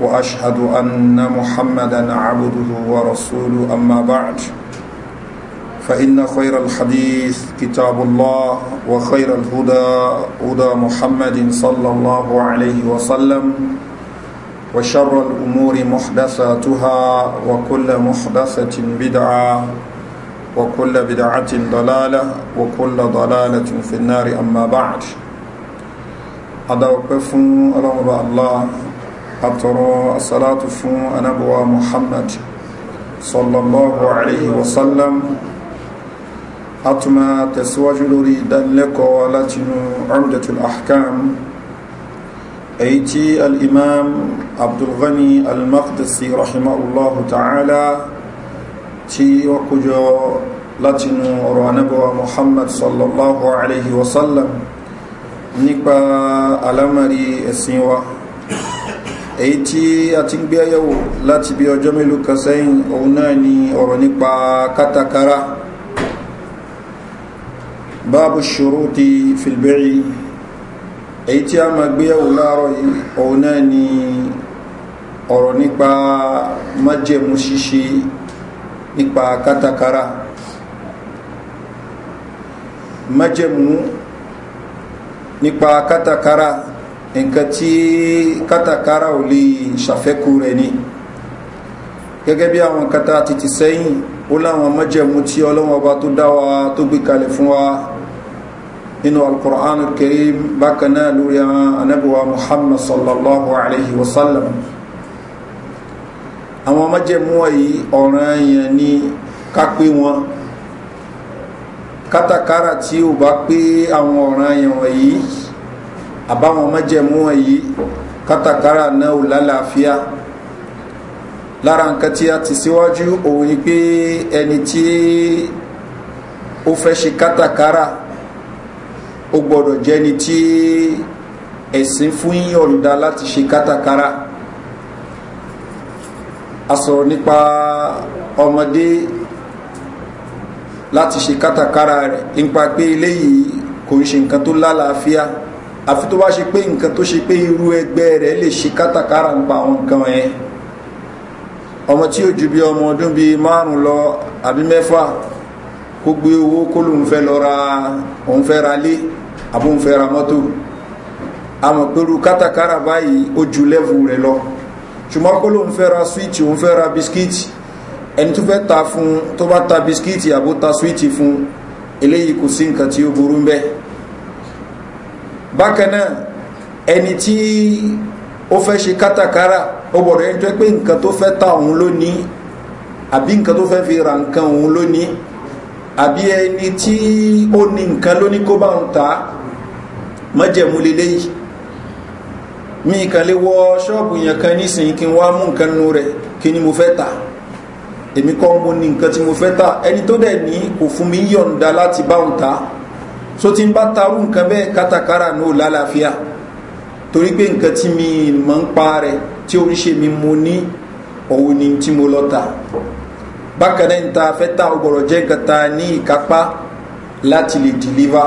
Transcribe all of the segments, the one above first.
واشهد ان محمدا عبده ورسوله اما بعد فان خير الحديث كتاب الله وخير الهدى هدى محمد صلى الله عليه وسلم وشر الامور محدثاتها وكل محدثه بدعه وكل بدعه ضلاله وكل ضلاله في النار اما بعد أدعو بفن الله أطرى الصلاة فون أنبوى محمد صلى الله عليه وسلم أتما تسواج لوري دلك ولتن عمدة الأحكام أيتي الإمام عبد الغني المقدسي رحمه الله تعالى تي وكجو لتن رانبوى محمد صلى الله عليه وسلم نكبا ألمري السنوى èyí tí a ti ń gbé ẹyẹ̀wò láti bí ọjọ́ mélòó kan sẹ́yìn òun náà ni ọ̀rọ̀ nípa kátàkárà báàbù ṣuruti fil bi'i èyí tí a máa gbé ẹyẹ̀wò láàárọ̀ yìí òun náà ni ọ̀rọ̀ nípa májẹ̀mú ṣíṣe nípa kátàkárà májẹ̀mú nípa kátàkárà nǹkan tí kátàkárà ò lè ṣàfẹ́kù rẹ̀ ni gẹ́gẹ́ bí àwọn nǹkan tá a ti ti sẹ́yìn ó láwọn mọ́jẹ̀mú tí ọlọ́wọ́n ọba wa tó gbé kalẹ̀ fún wa nínú alukur'an karim bákan náà lórí àwọn muhammad sallallahu alayhi wa sallam àwọn mọ́jẹ̀mú wọ̀nyí ọ̀ràn yẹn ni ká pé wọn kátàkárà tí ò bá pé àwọn ọ̀ràn yẹn wọ̀nyí àbáwọn májẹ̀mú wọ̀nyí kátàkárà náà ò lálàáfíà lára nǹkan tí a ti síwájú òun ni pé ẹni tí ó fẹ́ ṣe kátàkárà ó gbọ́dọ̀ jẹ́ ẹni tí ẹ̀sìn fún yọ̀ǹda láti ṣe kátàkárà a sọ̀rọ̀ nípa ọmọdé láti ṣe kátàkárà rẹ̀ nípa pé eléyìí kò ń ṣe nǹkan tó lálàáfíà. La àfi tó bá ṣe pé nǹkan tó ṣe pé irú ẹgbẹ́ rẹ̀ lè ṣe kátàkárà ń pa àwọn nǹkan yẹn ọmọ tí ó ju bí ọmọ ọdún bíi márùn lọ àbí mẹ́fà kó gbé owó kó lóun fẹ́ lọ ra òun fẹ́ ra lé àbí òun fẹ́ ra mọ́tò àmọ̀ pẹ̀lú kátàkárà báyìí ó ju lẹ́vù rẹ̀ lọ ṣùgbọ́n kó lóun fẹ́ ra swíìtì òun fẹ́ ra bisikíìtì ẹni tó fẹ́ ta fún tó bá ta bisikíìtì àbó ta swíìtì fún eléyìí kò sí nǹkan tí ó burú ń bẹ́ẹ̀ bákan náà ẹni tí ó fẹ́ ṣe kátàkárà ó gbọ́dọ̀ ẹni tó pé nǹkan tó fẹ́ ta òun lónìí àbí nǹkan tó fẹ́ fi ra nǹkan òun lónìí àbí ẹni tí ó ní nǹkan lónìí kó bá ń ta mọ́jẹ̀mú leléyìí mi kàn lè wọ ṣọ́ọ̀bù yẹn kan nísìnyí kí n wá mú nǹkan nu rẹ̀ kí ni mo fẹ́ ta èmi kọ́ mo ní nǹkan tí mo fẹ́ ta ẹni tó dẹ̀ ní kò fún mi yọ̀ǹda láti bá ń ta so tí n bá tarú nǹkan bẹ́ẹ̀ kátàkárà náà lálàáfíà torí pé nǹkan tí mi mọ̀ ń pa rẹ̀ tí ó ń ṣe mi mo ní òun ni tí mo lọ ta bákan náà ta fẹ́ ta ọgbọ̀rọ̀ jẹ́ nǹkan ta ní ìkápá láti lè dìlíva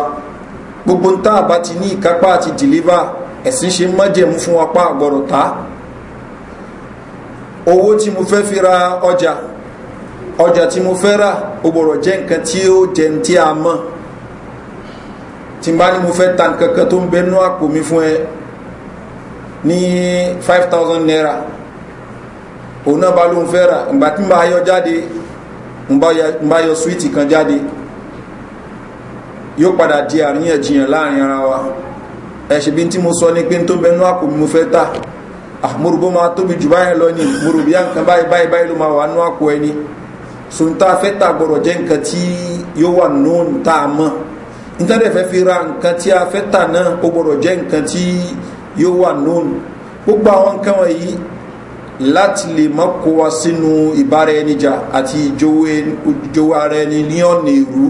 gbogbo tá a bá ti ní ìkápá àti dìlíva ẹ̀sìn ṣe mọ́jẹ̀mú fún apá àgbọ̀rọ̀ ta owó tí mo fẹ́ fi ra ọjà ọjà tí mo fẹ́ rà ọgbọ̀rọ̀ jẹ́ nǹkan tí ó jẹun tí a mọ̀ tí n bá ní mo fẹ́ ta nǹkankan tó ń bẹ nú five thousand naira òun náà bá lóun fẹ́ rà ìgbà tí n bá yọ jáde n bá yọ suwiti kan jáde yóò padà di àríyànjiyàn láàrin ara wa ẹ ṣe bí n tí mo sọ ni pé n tó bẹ nú àpò mi mo fẹ́ ta ah, àmúrúgbó máa tóbi jù báyìí lọ ni múrùbí à nǹkan báyìí báyìí báyìí ló máa wà nú àpò ẹni sùn tá ta gbọ́dọ̀ jẹ́ nǹkan tí yóò wà nù tá a nítorí ẹ̀fẹ́ fi ra nǹkan tí a fẹ́ tà náà ó gbọ́dọ̀ jẹ́ nǹkan tí yóò wà nónù gbogbo àwọn nǹkan wọ̀nyí láti lè má kó wa sínú ìbára ẹni jà àti ìjòwò ara ẹni ní ọ̀nà ìrú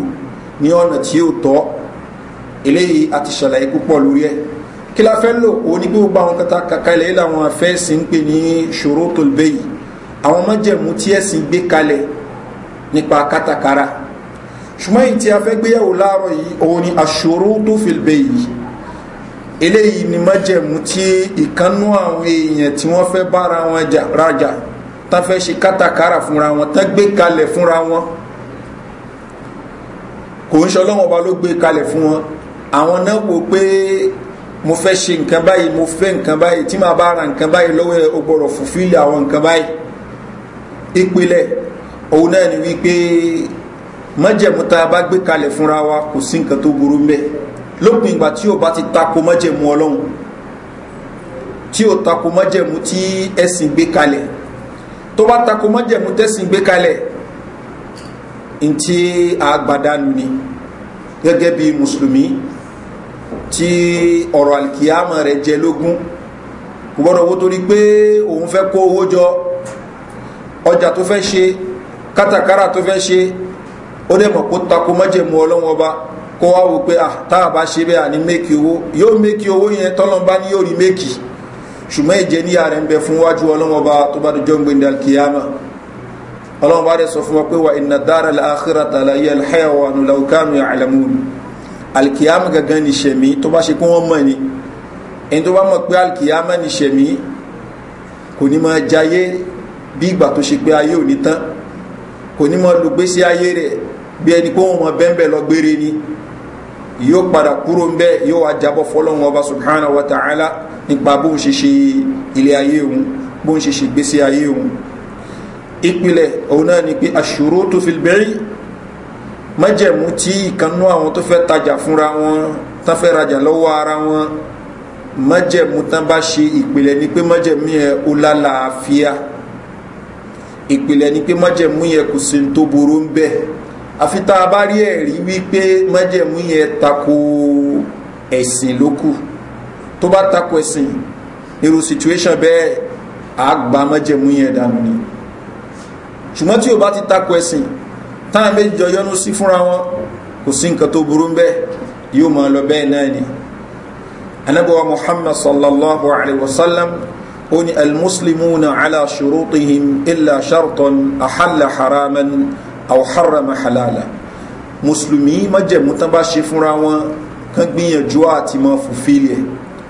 ní ọ̀nà tí ó tọ́ eléyìí àti ṣàlàyé púpọ̀ lórí ẹ̀ kí la fẹ́ lò ó ní gbogbo àwọn kata kàkà ilẹ̀ ilẹ̀ àwọn afẹ́sìn ń pè ní ṣòro tòlbẹ́yì àwọn mọ́jẹ̀mú tí ẹ̀sìn gbé kalẹ̀ nípa kátàkárà ṣùgbọ́n yìí tí a fẹ́ gbéyàwó láàárọ̀ yìí òun ni àṣòro tó fèlbẹ̀ yìí eléyìí ni májẹ̀mú tí ìkánú àwọn èèyàn tí wọ́n fẹ́ bára wọn rajà tán fẹ́ ṣe kátàkárà fúnra wọn tán gbé kalẹ̀ fúnra wọn kò ń ṣọlọ́wọ́n ọba ló gbé kalẹ̀ fún wọn àwọn náà wò pé mo fẹ́ ṣe nǹkan báyìí mo fẹ́ nǹkan báyìí tí màá bá ra nǹkan báyìí lọ́wọ́ o gbọ́dọ̀ fùfílì àwọn nǹkan báyìí ìpìlẹ̀ òun náà ni wípé mọ́jẹ̀mú tá a bá gbé kalẹ̀ fúnra wa kò sí nǹkan tó burú mbẹ́ lópin ìgbà tí o bá ti tako mọ́jẹ̀mú ọlọ́run tí o tako mọ́jẹ̀mú tí ẹ̀sìn gbé kalẹ̀ tó bá tako mọ́jẹ̀mú tẹ̀sìn gbé kalẹ̀ ntí àgbàdanu ni gẹ́gẹ́ bí mùsùlùmí tí ọ̀rọ̀ àlìkìyàmọ̀ rẹ̀ jẹ lógún kò gbọ́dọ̀ wo torí pé òun fẹ́ kó owó jọ ọjà tó fẹ́ ṣe kátàkárà tó fẹ́ ṣe ó dẹ̀ mọ̀ kó takò mọ́jẹ̀mú ọlọ́wọ́n ọba kó wá wò pé ah tá a bá ṣe bẹ́ẹ̀ àní méèkì owó yóò méèkì owó yẹn tọ́lọ́mbá ní yóò rí méèkì ṣùgbọ́n ìjẹ níyà rẹ̀ ń bẹ fún wájú ọlọ́wọ́n ọba tó bá dojọ́ gbẹ̀ndẹ̀ alkiyama ọlọ́wọ́n bá dẹ̀ sọ fún wa pé wa iná dára láàkírà tààlà yẹ alhẹ́wà nù làwùkánù àlàmúnù alkiyama gangan ní ṣẹ̀mí tó bá ṣe kí wọ́n mọ̀ ni ẹni tó bá mọ̀ pé alkiyama ní ṣẹ̀mí kò ní máa jayé bí ìgbà tó ṣe pé ayé ò ní tán kò ní máa lùgbésí ayé rẹ̀ bí ẹni pé wọn mọ bẹ́ẹ̀ lọ gbére ni yóò padà kúrò ń bẹ́ẹ̀ yóò wá jábọ̀ fọlọ́wọn ọba subhanahu wa ta'ala nípa bó ń ṣe ṣe ilé ayé òun bó ń ṣe ṣe gbèsè ayé òun ìpìlẹ̀ òun náà ni pé àṣòro tó fi bẹ́ẹ̀ májẹ̀mú tí ìkànnú àwọn tó fẹ́ tajà fúnra wọn tán fẹ́ rajà lọ́wọ́ ara wọn májẹ̀mú tán bá ṣe ìpìlẹ̀ ni pé májẹ̀mú yẹn ó lálàáfíà ìpìlẹ̀ ni pé májẹ̀mú yẹn kò sí ní tó burú ń bẹ́ẹ̀ àfi tá a bá rí ẹ̀rí wípé májẹ̀mú yẹn tako ẹ̀sìn lókù tó bá tako ẹ̀sìn irú situation bẹ́ẹ̀ àgbà májẹ̀mú yẹn dànù ni ṣùgbọ́n tí o bá ti tako ẹ̀sìn táwọn méjì jọ yọnu sí fúnra wọn kò sí nǹkan tó burú bẹ́ẹ̀ yóò máa lọ bẹ́ẹ̀ náà ni anabuwa muhammad sallallahu alaihi wasallam ó ní almuslimuna ala shurutihim illa sharton ahalla haraman aw harrama halala mùsùlùmí májẹ̀mú tán bá ṣe fúnra wọn kán gbìyànjú àti mọ fòfílì ẹ̀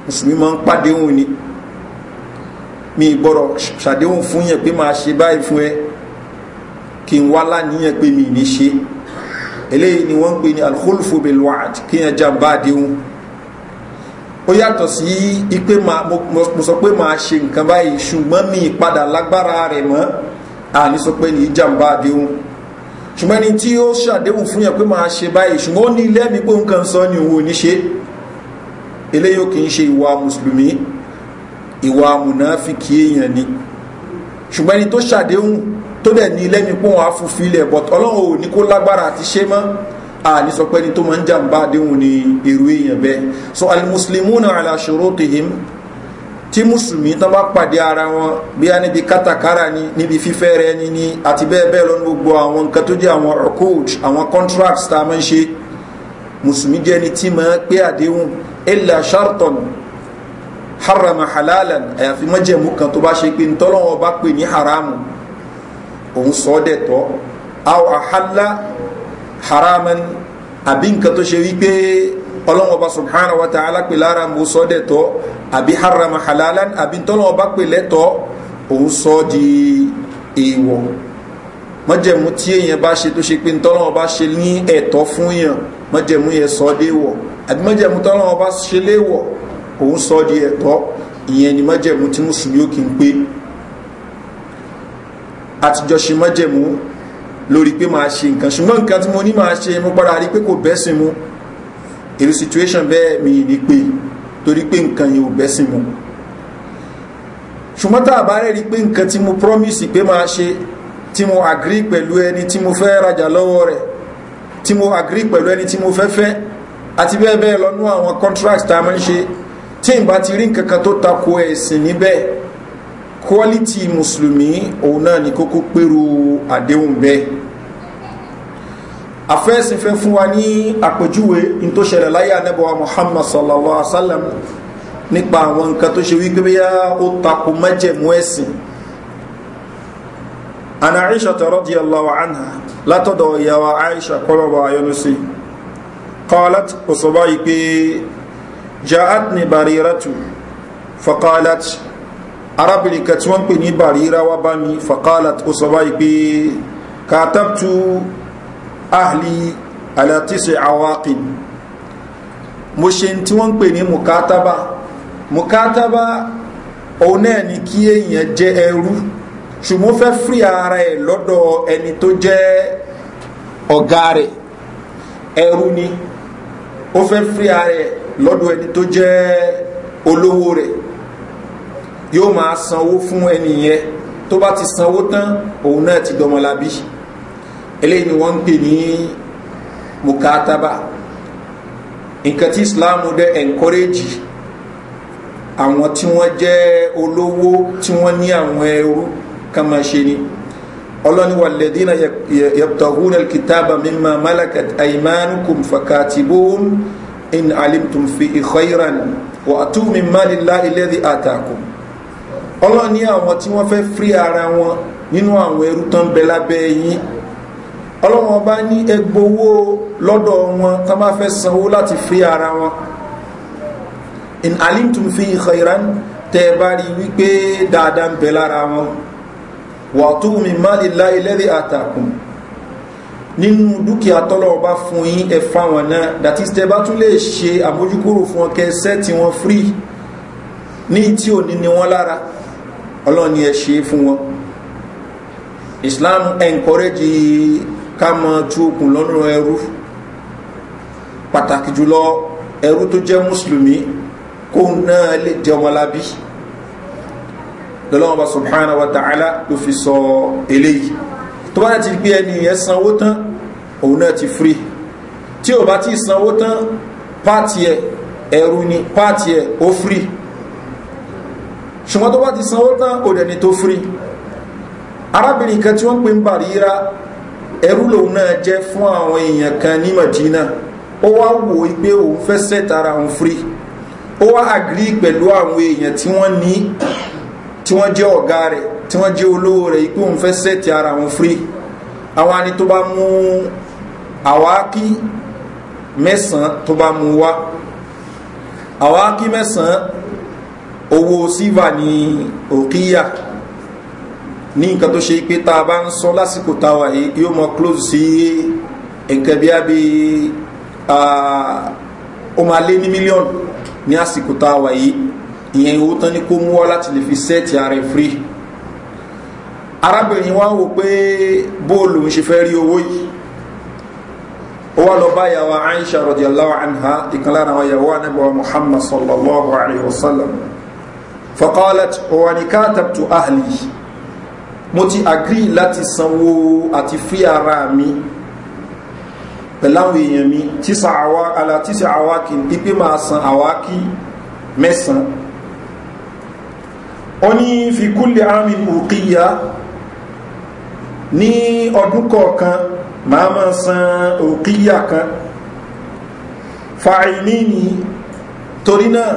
mùsùlùmí máa ń pàdéhùn ni mi gbọ́dọ̀ ṣàdéhùn fún yẹn pé máa ṣe báyìí fún ẹ kí n wá láníyàn pé mi ní ṣe eléyìí ni wọ́n ń pè ní alkhulfu bil wa'd kí yẹn jàǹbá ó yàtọ̀ sí ipe mo sọ pé máa ṣe nǹkan báyìí ṣùgbọ́n mi padà lágbára rẹ̀ mọ́ àní sọ pé ní jàǹbá àdéhùn ṣùgbọ́n ẹni tí ó ṣàdéhùn fún yàn pé máa ṣe báyìí ṣùgbọ́n ó ní ilé mi pé nǹkan sọ ni òun ò ní ṣe eléyìí ò kì ṣe ìwà mùsùlùmí ìwà mùnáfíkì èèyàn ni ṣùgbọ́n ẹni tó ṣàdéhùn tó dẹ̀ ní ilé mi pé òun á fún filẹ̀ but ọlọ́run ò ní kó lágbára àti ṣe mọ́ àní sọ pé ẹni tó máa ń jàǹbá àdéhùn ni èrò èèyàn bẹ́ẹ̀ so al-muslimuna ala shurutihim tí mùsùlùmí tán bá pàdé ara wọn bí a níbi kátàkárà ni níbi fífẹ́ rẹ ni ni àti bẹ́ẹ̀ bẹ́ẹ̀ lọ́nu gbogbo àwọn nǹkan tó jẹ́ àwọn ọ̀kọ́ọ̀j àwọn contracts tá a máa ń ṣe mùsùlùmí jẹ́ ni tí máa pé àdéhùn illa sharton haram halalan àyàfi mọ́jẹ̀mú kan tó bá ṣe pé ntọ́lọ́wọ́ bá pè ní haramu òun sọ ọ́ dẹ̀ tọ́ aw ahalla haraman àbí nǹkan tó ṣe wípé ọlọ́wọ́ bá subhanahu wa ta'ala pè lára mo sọ ọ́ dẹ̀ tọ́ àbí harama halalan àbí tọ́lọ́wọ́ bá pè lẹ́tọ́ òun sọ di èèwọ̀ mọ́jẹ̀mú tí èèyàn bá ṣe tó ṣe pé tọ́lọ́wọ́ bá ṣe ní ẹ̀tọ́ fún yàn mọ́jẹ̀mú yẹn sọ déèwọ̀ àbí mọ́jẹ̀mú tọ́lọ́wọ́ bá ṣe léèwọ̀ òun sọ di ẹ̀tọ́ ìyẹn ni mọ́jẹ̀mú tí mùsùlùmí ó kì í pé àtijọ́ ṣe mọ́jẹ̀mú lórí pé máa ṣe nǹkan ṣùgbọ́n nǹkan tí mo ní máa ṣe mo padà rí pé kò bẹ́sìn mu èrò situation bẹ́ẹ̀ mi ní pé torí pé nǹkan yìí ò bẹ́sìn mu ṣùgbọ́n tá a bá rẹ̀ rí pé nǹkan tí mo promise pé máa ṣe tí mo agree pẹ̀lú ẹni tí mo fẹ́ rajà lọ́wọ́ rẹ̀ tí mo agree pẹ̀lú ẹni tí mo fẹ́ fẹ́ àti bẹ́ẹ̀ bẹ́ẹ̀ lọ́nú àwọn contracts tá a máa ń ṣe tí n bá ti rí nǹkan kan tó tako ẹ̀sìn níbẹ̀ quality mùsùlùmí òun náà ni kókó pẹ̀rù àdéhùn bẹ́ẹ̀ àfẹ́sìn fẹ́ fún wa ní àpèjúwe in tó ṣẹlẹ̀ láyé anẹ́bọ̀wá muhammad sallallahu alaihi wa sallam nípa àwọn nǹkan tó ṣe wípé bí ó takò mẹ́jẹ̀mú ẹ̀sìn ana aisha ta rọ́dí allawa anha látọ̀dọ̀ ìyàwó aisha kọlọ̀bọ̀ ayọ́nu sí qalat òsọ̀bá yìí pé ja'at ni arábìnrin kan wọ́n pè ní barira wa bá mi faqalat òsọ̀bá yìí pé ahli ala tisi awaqin mo ṣe tí wọ́n pè ní mukataba mukataba òun náà ni kí èèyàn jẹ ẹrú ṣùgbọ́n fẹ́ fí ara ẹ̀ lọ́dọ̀ ẹni tó jẹ́ ọ̀gá rẹ̀ ẹrú ni ó fẹ́ fí ara ẹ̀ lọ́dọ̀ ẹni tó jẹ́ olówó rẹ̀ yóò máa sanwó fún ẹni yẹn tó bá ti sanwó tán òun náà ti dọmọlábí eléyìí ni wọ́n ń pè ní mukataba nǹkan tí islam dẹ encourage àwọn tí wọ́n jẹ́ olówó tí wọ́n ní àwọn ẹrú kan máa ṣe ni ọlọ́ni wàlẹ́dínà yabtahuna alkitaba mimma malakat aymanukum fakatibun in alimtum fi khayran wa atu mimma lillahi alladhi atakum ọlọ́ni àwọn tí wọ́n fẹ́ free ara wọn nínú àwọn ẹrú tán bẹ lábẹ́ yín ọlọ́wọ́n bá ní ẹgbowó lọ́dọ̀ wọn tán bá fẹ́ sanwó láti fi ara wọn in alimtum fi khairan tẹ́ bá rí wípé dáadáa ń bẹ lára wọn wà tó mi má lè la ilẹ́rì àtàkùn nínú dúkìá tọ́lọ̀ bá fún yín ẹ fáwọn náà dàtí tẹ́ bá tún lè ṣe àmójúkúrò fún ọkẹ́ sẹ́ẹ̀tì wọn free ní tí ò ní ni wọn lára ọlọ́ni ẹ ṣe fún wọn Islam encourage Kama mọ tú okùn lọ́rùn ẹrú pàtàkì jùlọ ẹrú tó jẹ́ mùsùlùmí kó náà lè jẹ́ ọmọlábí lọ́lọ́wọ́ bá subhanahu wa ta'ala ló fi sọ eléyìí tó bá ti gbé ẹni yẹn sanwó tán òun náà ti firi tí ò bá ti sanwó tán páàtì ẹ ẹrú ni páàtì ẹ ó firi ṣùgbọ́n tó bá ti sanwó tán ò dẹ̀ ni tó firi arábìnrin kan tí wọ́n pè ń bàríra ẹrú lòun náà jẹ́ fún àwọn èèyàn kan ní madina ó wá wò ó pé òun fẹ́ set ara òun free ó wá agri pẹ̀lú àwọn èèyàn tí wọ́n ní tí wọ́n jẹ́ ọ̀gá rẹ̀ tí wọ́n jẹ́ olówó rẹ̀ pé òun fẹ́ set ara òun free àwọn ani tó bá mú àwákí mẹ́sàn-án tó bá mú wá àwákí mẹ́sàn-án owó sílva ní òkíyà ní nǹkan tó ṣe pé tá a bá ń sọ lásìkò táwa yìí yóò mọ close sí nǹkan bí a bí ó máa lé ní mílíọ̀nù ní àsìkò táwa yìí ìyẹn owó tán ni kó mú wá láti lè fi sẹ́ẹ̀tì ara ẹ̀ arábìnrin wa wò pé bóòlù ń ṣe fẹ́ rí owó yìí ó wá lọ bá yàwó aisha radiyallahu anha ìkan lára àwọn yàwó anábọ̀ muhammad sallallahu alayhi wa sallam faqalat wa ni ahli yìí mo ti agree láti sanwó àti free ara mi pẹ̀láwọn èèyàn mi tíṣà àwa ala tíṣà àwákì ipe máa san àwákì mẹ́sàn-án ó ní fi kúlẹ̀ àmì òkìyà ní ọdún kọ̀ọ̀kan máa ma san òkìyà kan fàìní ni torí náà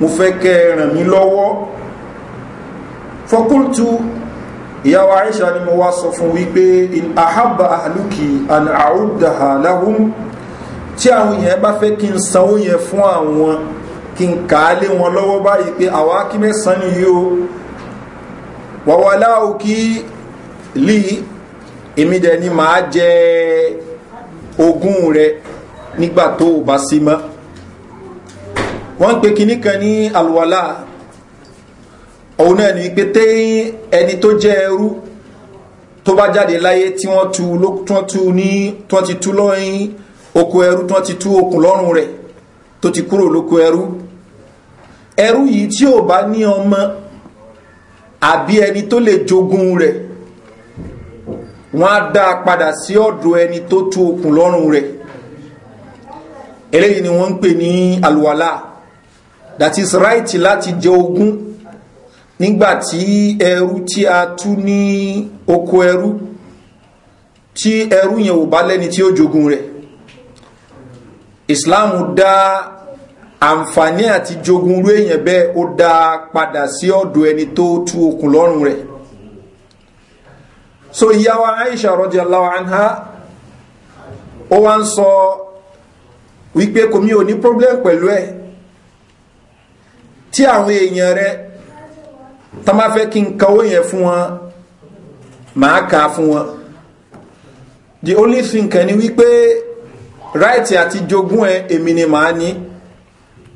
mo fẹ́ kẹ́ ràn mí lọ́wọ́ fọkúrtù ìyàwó àìṣà ni mo wá sọ fún wípé àhábà àlùkì àni àúdàhà láhùn tí àwọn èèyàn bá fẹ́ kí n sanwó yẹn fún àwọn kí n kà á lé wọn lọ́wọ́ báyìí pé àwa kí mẹ́sàn-án nìyí o wàwà láòkí lì èmi dẹ̀ ni màá jẹ ogún rẹ nígbà tó bá sí mọ́ wọ́n ń pe kinní ní alwala òun náà ni pé tí ẹni tó jẹ́ ẹrú tó bá jáde láyé tí wọ́n tú wọ́n tú ní tí wọ́n ti tú lọ́yìn oko ẹrú tí wọ́n ti tú okùn lọ́rùn rẹ̀ tó ti kúrò lóko ẹrú ẹrú yìí tí ò bá ní ọmọ àbí ẹni tó lè jogún rẹ̀ wọ́n á dá a padà sí ọ̀dọ̀ ẹni tó tú okùn lọ́rùn rẹ̀ eléyìí ni wọ́n ń pè ní alùwàlà that is right láti jẹ ogún nígbàtí ẹrú tí a tú ní oko ẹrú tí ẹrú yẹn ò bá lẹ́ni tí ó jogun rẹ̀ islam dá àǹfààní àti jogun rú èyàn bẹ́ẹ̀ ó dá padà sí ọ̀dọ̀ ẹni tó tú okùn lọ́rùn rẹ̀ so ìyá Aisha radiyallahu anha ó wá ń sọ wípé kò mí ò ní problem pẹ̀lú ẹ̀ tí àwọn èèyàn rẹ̀ tán bá fẹ́ kí n fún wọn màá ka fún wọn the only thing kan ni wípé right àti jogún ẹ èmi ni màá ní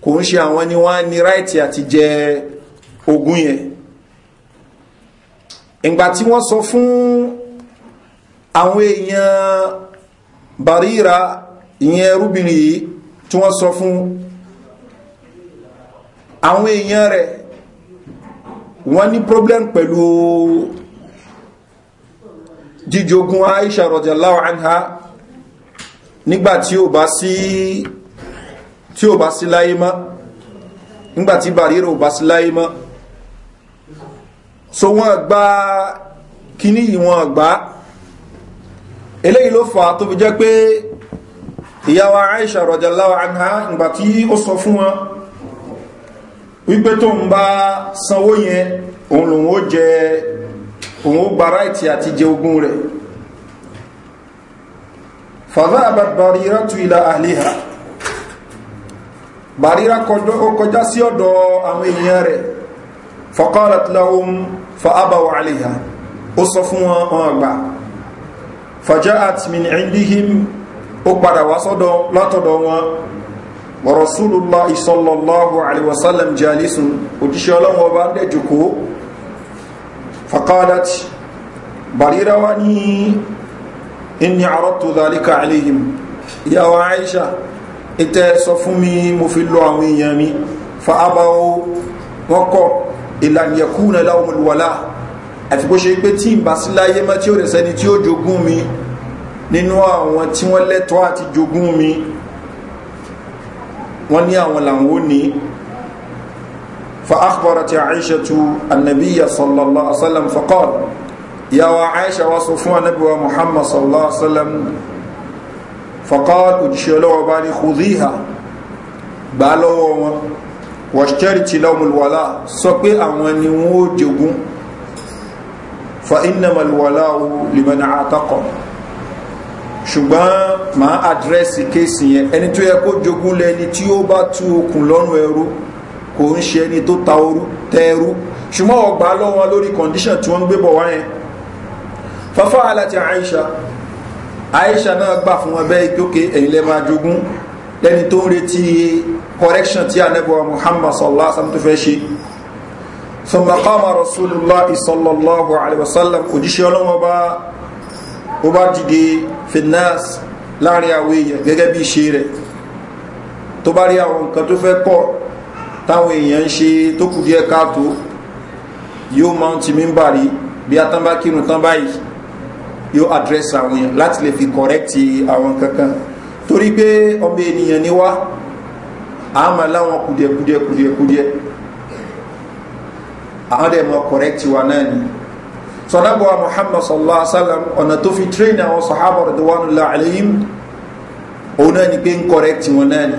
kò ń ṣe àwọn ni wọ́n á ní ráìtì àti jẹ ogún yẹn ìgbà tí wọ́n sọ fún àwọn èèyàn Barira ìyẹn ẹrúbìnrin yìí tí wọ́n sọ fún àwọn èèyàn rẹ̀ wọ́n ní problem pẹ̀lú jíjogun Aisha radiyallahu anha nígbà tí ó bá sí tí ó bá sí láyé mọ́ nígbà tí Barira ò bá sí láyé mọ́ so wọ́n gba kíní yìí wọ́n gba eléyìí ló fà tó fi jẹ́ pé ìyá Aisha radiyallahu anha nígbà tí ó sọ fún wọn wípé tó ń bá sanwó yẹn òun lòun ó jẹ òun ó gba ráìtì àti jẹ ogún rẹ̀ fàdáàbà bàrírà tu ilà àlìhà bàrírà kọjá sí ọ̀dọ̀ àwọn èèyàn rẹ̀ fa abaw àlìhà ó sọ fún wọn ọgbà fàjá àtìmìn indihim ó padà wá sọ́dọ̀ látọ̀dọ̀ wọn rasulullah sallallahu alaihi wasallam jalisun òjíṣẹ́ ọlọ́run ọba ń dẹ̀jòkó faqalat barira wa ní inni arọ́tò dhalika alayhim ìyàwó aisha ìtẹ́ sọ fún mi mo fi lọ àwọn èèyàn mi fa abawo wọn kọ ìlànà yakuna lahum alwala àti bó ṣe pé tí ìbá sí láyé mọ́ tí ó rẹ̀ sẹ́ni tí ó jogún mi nínú àwọn tí wọ́n lẹ́tọ́ àti jogún mi wọ́n ní àwọn làwọn ò ní فأخبرت عائشة النبي صلى الله عليه وسلم فقال يا عائشة وصفوا نبي محمد صلى الله عليه وسلم فقال اجشلوا بالي خذيها بالوا واشترت لهم الولاء سقي أواني وجبوا فإنما الولاء لمن عاتقه ṣùgbọ́n máa àdírẹ́sì kéèsì yẹn ẹni tó yẹ kó jogún lẹni tí ó bá tú okùn lọ́rùn ẹrú kò ń ṣe ẹni tó ta orú tẹ ẹrú ṣùgbọ́n ọgbà lọ́wọ́ lórí condition tí wọ́n ń gbé bọ̀ wáyẹn fafa aláti aisha aisha náà gbà fún wọn bẹ́ẹ̀ ìgbókè ẹ̀yìn lẹ́ máa jogún lẹ́ni tó ń retí correction tí anẹ́bọ̀ muhammad sallallahu alaihi wasallam tó fẹ́ ṣe sọmọkàmà rasulullah sallallahu alaihi wasallam òjíṣẹ́ ọlọ́wọ́ bá ó bá dìde finas láàrin àwọn èèyàn gẹ́gẹ́ bí ṣe rẹ̀ tó bá rí àwọn nǹkan tó fẹ́ kọ́ táwọn èèyàn ń ṣe tó kù díẹ̀ káàtó yóò máa ń ti mímbà rí bí atánbá kírun tán báyìí yóò address fi correct àwọn kankan torí pé ọmọ ènìyàn ni wá àmà láwọn kùdìẹ̀ kùdìẹ̀ kùdìẹ̀ kùdìẹ̀ àwọn dẹ̀ mọ correct wa náà sọ̀nàbọ̀ muhammad sallallahu alaihi wasallam ọ̀nà tó fi train àwọn sahaba rẹ̀dọ̀wánulá alayhim òun ni pé ń correct wọn náà ni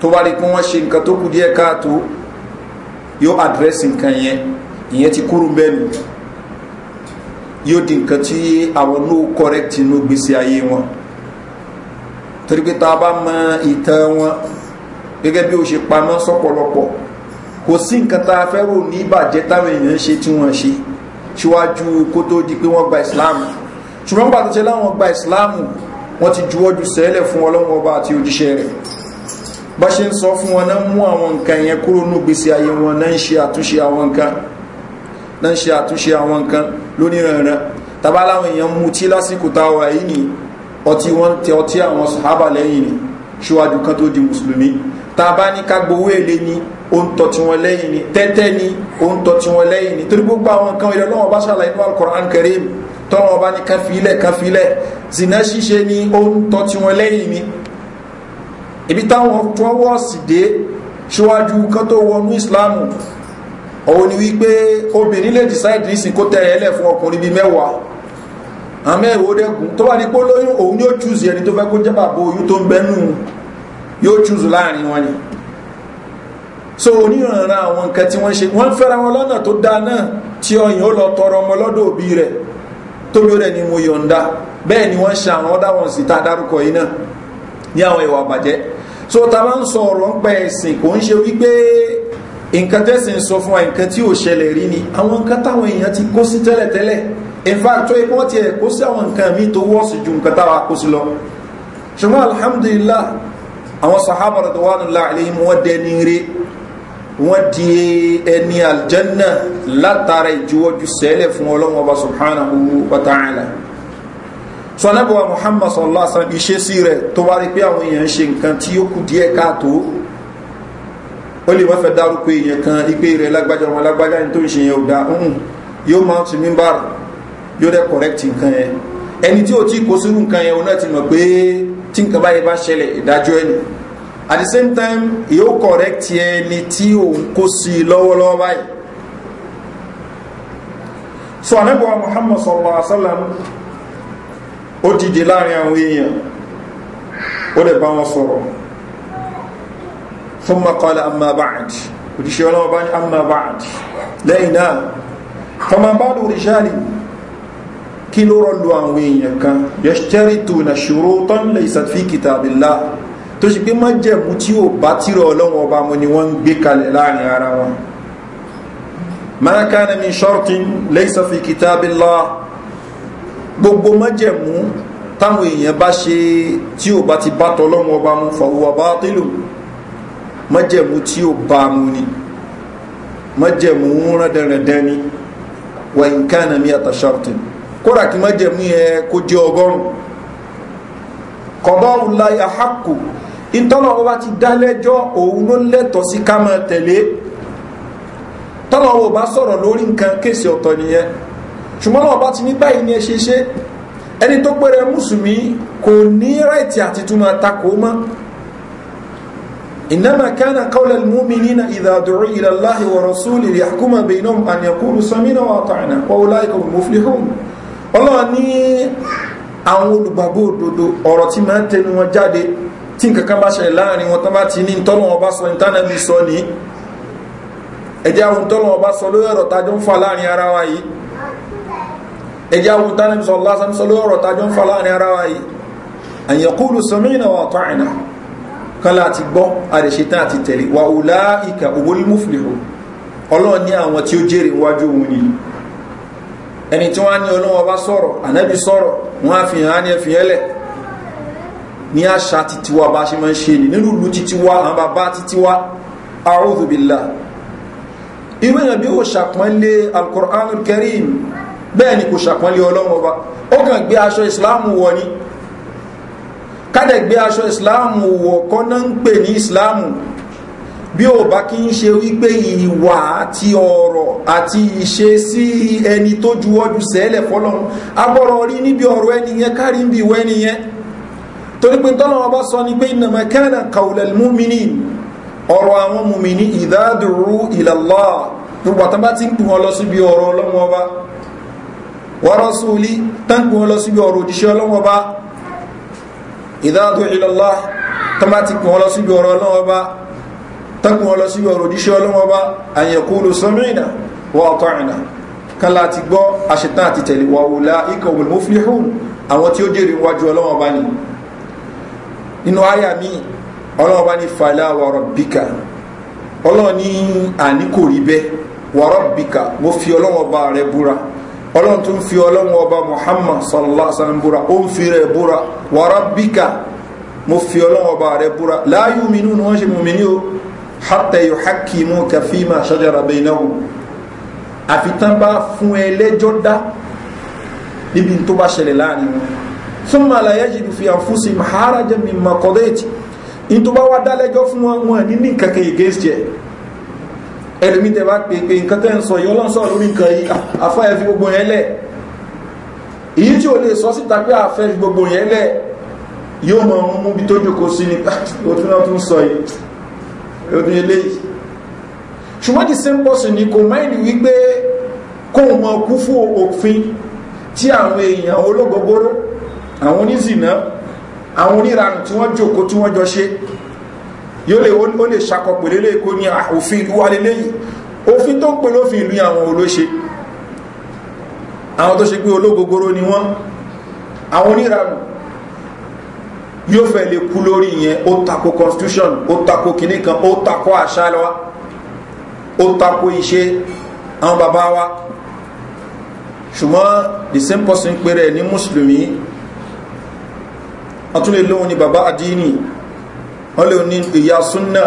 tó wa rí pé wọ́n ṣe nǹkan tó kù díẹ̀ káàtó yóò address nǹkan yẹn ìyẹn ti kúrú bẹ́ẹ̀ni yóò di nǹkan tí àwọn no correct inú gbèsè ayé wọn torí pé tá a bá mọ ìtàn o ṣe pamọ́ sọ́pọ̀lọpọ̀ kò sí nǹkan tá a fẹ́ rò ní ìbàjẹ́ táwọn èèyàn ń ṣe tí wọ́n síwájú kó tó di pé wọ́n gba islam ṣùgbọ́n gbà tó láwọn gba islam wọ́n ti juwọ́jú sẹ́lẹ̀ fún ọlọ́run ọba àti òjíṣẹ́ rẹ̀ bá ṣe ń sọ fún wọn náà mú àwọn nǹkan yẹn kúrò ní gbèsè ayé wọn náà ń ṣe àtúnṣe àwọn nǹkan náà lóníranran tàbá láwọn èèyàn mú tí lásìkò táwa yìí ni ọtí wọn tẹ ọtí àwọn sàhábà lẹ́yìn ni ṣíwájú kan tó di mùsùlùmí tàbá ní ká èlé ni ó ń tọ́ tí ni tẹ́tẹ́ ni ó ń tọ́ tí wọ́n lẹ́yìn ni torí gbogbo àwọn nǹkan ìrẹ́ lọ́wọ́ bá ṣàlàyé ní alukoran karim tọ́wọ́ ọba ní káfílẹ̀ káfílẹ̀ zina ṣíṣe ni ó ń tọ́ tí wọ́n lẹ́yìn ni ibi táwọn tọ́wọ́ sì dé ṣíwájú kan tó wọnú ìsìláàmù òun ni wípé obìnrin lè decide nísìn kó tẹ̀rẹ̀ fún ọkùnrin bíi mẹ́wàá àmẹ́ ìwódẹ́gùn tó bá ní pé lóyún òun yóò choose ẹni tó fẹ́ kó jẹ́ bàbá oyún tó ń bẹ́nu yóò choose láàrin wọn ni so oníranran àwọn nǹkan tí wọ́n ṣe wọ́n fẹ́ra wọn lọ́nà tó dáa náà tí ọyàn ó lọ tọrọ ọmọ lọ́dọ̀ òbí rẹ̀ tóbi rẹ̀ ni mo yọ̀ǹda bẹ́ẹ̀ ni wọ́n ṣe àwọn ọ̀dà wọn sì tá dárúkọ yìí náà ní àwọn ìwà àbàjẹ́ so ta bá ń sọ ọ̀rọ̀ ń pẹ́ ẹ̀sìn kò ń ṣe wípé nǹkan tẹ́sìn sọ fún wa nǹkan tí ò ṣẹlẹ̀ rí ni àwọn nǹkan táwọn èèyàn ti kó sí tẹ́lẹ̀tẹ́lẹ̀ in fact tó ikú wọ́n ti ẹ̀ kó sí àwọn nǹkan míì tó wọ́ọ̀sì ju nǹkan táwa kó sí lọ ṣùgbọ́n alhamdulillah àwọn sahaba rẹ̀ tó wà nílá àlẹ́yìn wọ́n dẹni rí wọ́n di ẹni aljanna látara ìjuwọ́jú sẹ́lẹ̀ fún ọlọ́wọ́ ọba subhanahu wa ta'ala sọ́nàbọ̀wà muhammad sallallahu alaihi wasallam iṣẹ́ sí rẹ̀ tó wá rí pé àwọn èèyàn ṣe nǹkan tí ó kù díẹ̀ káàtó ó lè wọ́n fẹ́ dárúkọ èèyàn kan ipé rẹ̀ lágbájá wọn lágbájá ní tó ń ṣe yẹn ọ̀dá ọ̀hún yóò máa ti mí bára yóò dẹ́ correct nǹkan yẹn ẹni tí ó ti kó sírú nǹkan yẹn òun náà ti mọ̀ pé tí nǹkan báyìí bá ṣẹlẹ̀ ìdájọ́ ẹni at the same time yóò correct ẹni tí òun kó sí i lọ́wọ́lọ́wọ́ báyìí so anábọ̀ muhammad sallallahu alaihi wa sallam ó dìde láàrin àwọn èèyàn ó dẹ̀ bá wọn sọ̀rọ̀ fún makọ́lá amma òdíṣẹ́ ọlọ́wọ́ bá lẹ́yìn náà fama bá kí ló rọ́lù àwọn èèyàn kan yẹ́ṣtẹ́rì tó ṣòro tán lè ìsàtfí tó ṣe pé májẹ̀mú tí ò bá tírọ ọlọ́wọ́ ọba mu ni wọ́n ń gbé kalẹ̀ láàrin ara wọn máa ká ní mi ṣọ́ọ̀kín lẹ́sọ̀fì kìtàbí lọ gbogbo májẹ̀mú táwọn èèyàn bá ṣe tí ò bá ti bá tọ́lọ́wọ́ ọba mu fọwọ́ bá tìlù májẹ̀mú tí ò bá mu ni májẹ̀mú rẹ̀dẹ̀rẹ̀dẹ̀ ni wà ń mi àtà ṣọ́ọ̀kín kódà kí májẹ̀mú yẹ kó jẹ́ ọgọ́rùn-ún kọ̀dọ́ ọ̀la yà hákù ìtọ́nà ọba ti dálẹ́jọ́ òun ló lẹ́tọ̀ sí ká máa tẹ̀lé tọ́nà ọba sọ̀rọ̀ lórí nǹkan kéèsì ọ̀tọ̀ nìyẹn ṣùgbọ́n náà ọba ti ní báyìí ni ẹ ṣe ẹni tó pẹ́rẹ mùsùlùmí kò ní rẹ̀tì àti túmọ̀ takò mọ́ إنما كان قول المؤمنين إذا دعوا إلى الله ورسوله ليحكم بينهم أن يقولوا سمينا وأطعنا وأولئك هم المفلحون Ọlọ́run ní àwọn olùgbàgbọ́ òdodo ọ̀rọ̀ tí máa ń tẹnu wọn jáde tí nǹkan kan bá ṣẹlẹ̀ láàrin wọn tán bá ti ní tọ́lọ́wọ́n bá sọ ní tánàbí sọ ní ẹjẹ́ àwọn tọ́lọ́wọ́n bá sọ lórí ọ̀rọ̀ tájọ́ ń fa láàrin ara wa yìí ẹjẹ́ àwọn tánàbí sọ lásán sọ lórí ọ̀rọ̀ tájọ́ ń fa láàrin ara wa yìí àyẹ̀kúrú sọmínà wà tọ́ àìnà kan láti gbọ́ àdẹ̀ṣetán àti tẹ̀lé wà ó láìka owó límúfìlìhù ọlọ́run ní àwọn tí ó jèrè wájú òun ni ẹni tí wọ́n á ní ọlọ́wọ́n bá sọ̀rọ̀ ànábì ní àṣà titiwa bá ṣe máa ń ṣe ní nínú ìlú titiwa àwọn bàbá titiwa àrùdùbìlà irú èèyàn bí ó ṣàpọ́nlé alkùránù kẹrìm bẹ́ẹ̀ ni kò ṣàpọ́nlé ọlọ́run ọba ó kàn gbé aṣọ ìsìláàmù wọ ni kádẹ̀ gbé aṣọ ìsìláàmù wọ kọ́ náà ń pè ní ìsìláàmù bí ó bá kí ń ṣe wípé ìwà àti ọ̀rọ̀ àti ìṣe sí ẹni tó juwọ́jú sẹ́lẹ̀ fọ́lọ́run agbọ́rọ̀ rí níbi ọ̀rọ̀ ẹniyẹn kárí níbi ìwẹ́ torí pé tọ́lọ́wọ́ bá sọ ni pé innama kana qawlal mu'minin ọ̀rọ̀ àwọn mùmìnì idha du'u ila Allah gbogbo àtàn bá ti ń pùn ọlọ síbi ọ̀rọ̀ ọlọ́wọ́ ọba wa rasuli tán pùn ọlọ síbi ọ̀rọ̀ òjíṣẹ́ ọlọ́wọ́ ọba idha du'u ila Allah tán bá ti pùn ọlọ síbi ọ̀rọ̀ ọlọ́wọ́ ọba tán pùn ọlọ síbi kan láti gbọ́ àṣetán àti tẹ̀lé wa ulaika humul àwọn tí ó jèrè wájú ọlọ́wọ́ ọba nìyí nínú àyà mi ọlọ́run bá ní fàlà wa rabbika ọlọ́run ní àní kò rí bẹ́ẹ̀ wa rabbika mo fi ọlọ́run ọba rẹ búra ọlọ́run tó fi ọlọ́run ọba muhammad sallallahu alaihi wa sallam búra ó ń fi rẹ̀ búra wa rabbika mo fi ọlọ́run ọba rẹ búra la yu'minuna wọ́n ṣe mùmí ní o hatta yuhakkimuka fima shajara baynahum àfi tán bá fún ẹ lẹ́jọ́ dá níbi tó bá ṣẹlẹ̀ láàrin wọn súnmọ́ àlàyéjì fi àfúsí maharajan mimma qadayt in tó wa wá dálẹ́jọ́ fún wọn wọn ní ní kankan against yẹ ẹlòmí tẹ bá pè pé nǹkan tẹ́ ń sọ yìí ọlọ́n sọ̀rọ̀ lórí nǹkan yìí àfáyẹ fi gbogbo yẹn lẹ̀ èyí tí ò lè sọ síta pé àfẹ́ fi gbogbo yẹn lẹ̀ yóò mọ ohun mú bí tó jòkó ni ah, ó tún náà tún sọ yìí ó ní eléyìí ṣùgbọ́n the same person ni kò máìlì wípé kóun mọ kú fún òfin tí àwọn èèyàn ológogoro àwọn onízìnà àwọn oníranù tí wọ́n jòkó tí wọ́n jọ ṣe yóò lè ó lè ṣakọ̀pẹ̀ lélẹ̀ kó ní òfin ìlú wa lélẹ́yìn òfin tó ń pè lófin ìlú àwọn olóṣe àwọn tó ṣe pé ológogoro ni wọ́n àwọn oníranù yóò fẹ́ lè kú lórí yẹn ó tako constitution ó tako kìnnì kan ó tako àṣà wa ó tako ìṣe àwọn bàbá wa ṣùgbọ́n the same person pé rẹ̀ ní mùsùlùmí àtúnlé lóhun ni bàbá àdínì wọ́n lè ní ìyá súnnà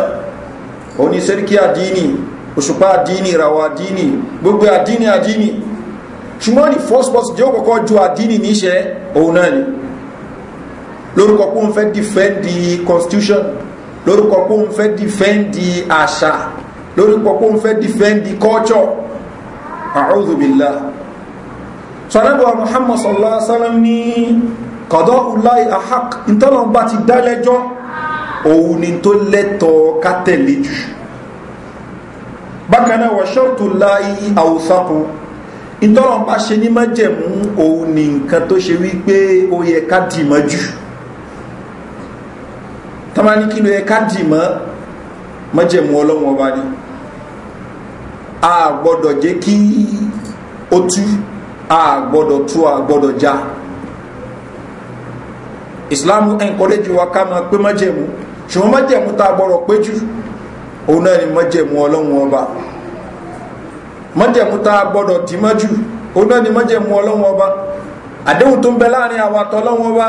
òun ni sẹ́ríkì àdínì òṣùpá àdínì ìràwọ̀ àdínì gbogbo àdínì àdínì ṣùgbọ́n ní first person jẹ́ òkọ̀kọ́ ju àdínì níṣẹ́ òun náà ni lórúkọ pé òun fẹ́ dìfẹ́ndì constitution lórúkọ pé òun fẹ́ dìfẹ́ndì àṣà lórúkọ pé òun fẹ́ dìfẹ́ndì culture a'udhu billah sọ̀rọ̀ muhammad sallallahu alaihi wasallam ní kọ̀dọ̀ ulai ahak ìtọ́lọ́mbà ti dálẹ́jọ́ òun ni tó lẹ́tọ̀ọ́ ká tẹ̀lé jù bákan náà wà ṣọ́ọ̀tù láì àwòsàkù ìtọ́lọ́mbà ṣe ní májẹ̀mú òun ni nǹkan tó ṣe wípé ó yẹ ká dìmọ́ jù tọ́mà ní kí ló yẹ ká dìmọ́ májẹ̀mú ọlọ́wọ́n ọba ni a gbọ́dọ̀ jẹ́ kí ó tú a gbọ́dọ̀ tú a gbọ́dọ̀ já. Ja islam encourage wa ká máa pé májẹ̀mú ṣùgbọ́n májẹ̀mú tá a gbọ́dọ̀ pé jù òun náà ni májẹ̀mú ọlọ́run ọba májẹ̀mú tá a gbọ́dọ̀ dì má jù òun náà ni májẹ̀mú ọlọ́run ọba àdéhùn tó ń bẹ láàrin àwọn àtọ ọlọ́run ọba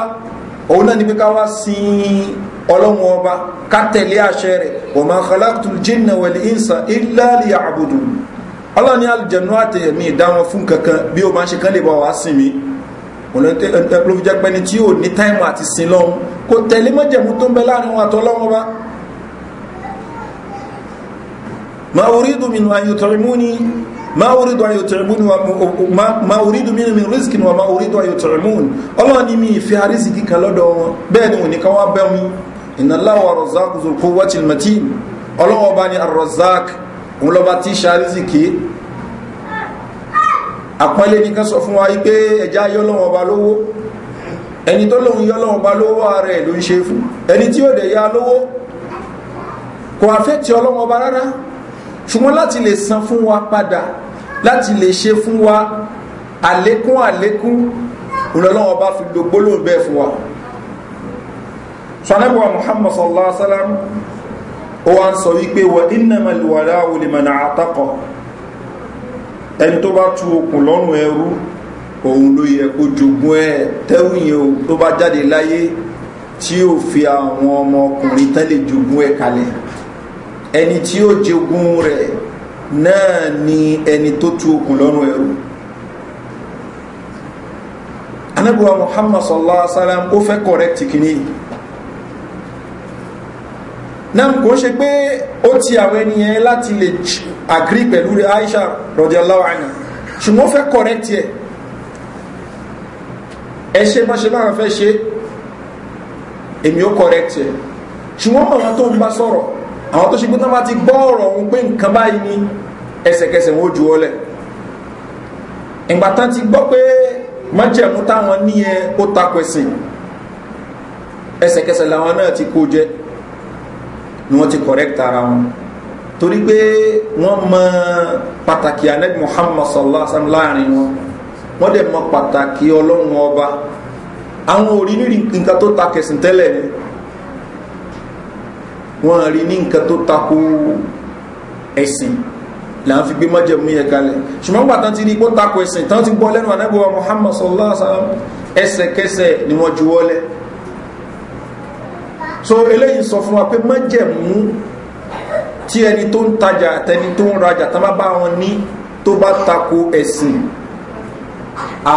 òun náà ni pé ká wá sin ọlọ́run ọba ká tẹ̀lé àṣẹ rẹ̀ wa ma khalaqtul jinna wal insa illa liya'budun ọlọ́run ní àlùjànnú àtẹ̀yẹ̀mí ìdáwọn fún kankan bí ó máa ṣe kán lè bá wàá sinmi ló fi jẹ́ pé ni tí ò ní táìmù àti sin lọ́hun kò tẹ̀lé mọ́jẹ̀mú tó ń bẹ láàrin wọn àtọ́lọ́wọ́n bá ma orídù mi nù ayòtọ̀rìmú ni ma orídù ayòtọ̀rìmú ni ma orídù mi nù rísìkì ni ma orídù ayòtọ̀rìmú ni ọlọ́run ni mi ìfẹ́ àrísìkì kan lọ́dọ̀ wọn bẹ́ẹ̀ ni òní kan wá bẹ́ mi iná láwọ̀ rọ̀zák zùkú wọ́tìlmẹ̀tì ọlọ́wọ́ bá ni àrọ̀zák òun lọ́ba tí ṣe àpọ́nlé ní kan sọ fún wa wípé ẹja yọ́lọ́wọ́ ọba lówó ẹni tó lóun yọ́lọ́wọ́ ọba lówó ààrẹ ló ń ṣe fún ẹni tí ó dẹ̀ ya lówó kò àfẹ́ tí ọlọ́wọ́ ọba rárá ṣùgbọ́n láti lè san fún wa padà láti lè ṣe fún wa àlékún àlékún ìrọ̀lọ́wọ́ ọba fi dògbólò bẹ́ẹ̀ fún wa sanabuwa muhammad sallallahu alaihi wasallam ó wá ń sọ wípé wa innamal wala'u liman ataqa ẹni tó bá tu okùn lọ́rùn ẹrú òun ló yẹ kó jogún ẹ tẹ́wù yẹn o tó bá jáde láyé tí ó fi àwọn ọmọkùnrin tán lè jogún ẹ kalẹ̀ ẹni tí ó jogún rẹ̀ náà ni ẹni tó tu okùn lọ́rùn ẹrú anabiwa muhammad sallallahu alaihi wa sallam ó fẹ́ correct kìíní náà kò ṣe pé ó ti àwọn ènìyàn láti lè agree pẹ̀lú Aisha radiyallahu anha ṣùgbọ́n fẹ́ correct ẹ̀ ẹ ṣe mọ́ ṣe máa fẹ́ ṣe èmi ó correct ẹ̀ ṣùgbọ́n mọ̀ tó ń bá sọ̀rọ̀ àwọn tó ṣe pé náà bá ti gbọ́ ọ̀rọ̀ òun pé nǹkan báyìí ni ẹsẹ̀kẹsẹ̀ wọn ó ju ọlẹ̀ ìgbà tán ti gbọ́ pé májẹ̀mú táwọn ní ó takò ẹ̀sìn ẹsẹ̀kẹsẹ̀ làwọn náà ti kó jẹ́ ni wọ́n ti correct ara wọn torí pé wọ́n mọ pàtàkì anabi muhammad sallallahu alaihi wa sallam láàrin wọn wọ́n dẹ̀ mọ pàtàkì ọlọ́run ọba àwọn òrí ní nǹkan tó ta kẹsìn tẹ́lẹ̀ ni wọ́n rí ní nǹkan tó takò ẹ̀sìn là ń fi gbé mọ́jẹ̀mú yẹn kalẹ̀ ṣùgbọ́n gbà tán ti rí ipò takò ẹ̀sìn tán ti gbọ́ lẹ́nu anabi muhammad sallallahu alaihi wa sallam ẹsẹ̀kẹsẹ̀ ni wọ́n juwọ́lẹ̀ so eléyìí sọ fún wa pé májẹ̀mú tí ẹni tó ń tajà àtẹni tó ń rajà tán bá bá wọn ní tó bá tako ẹ̀sìn a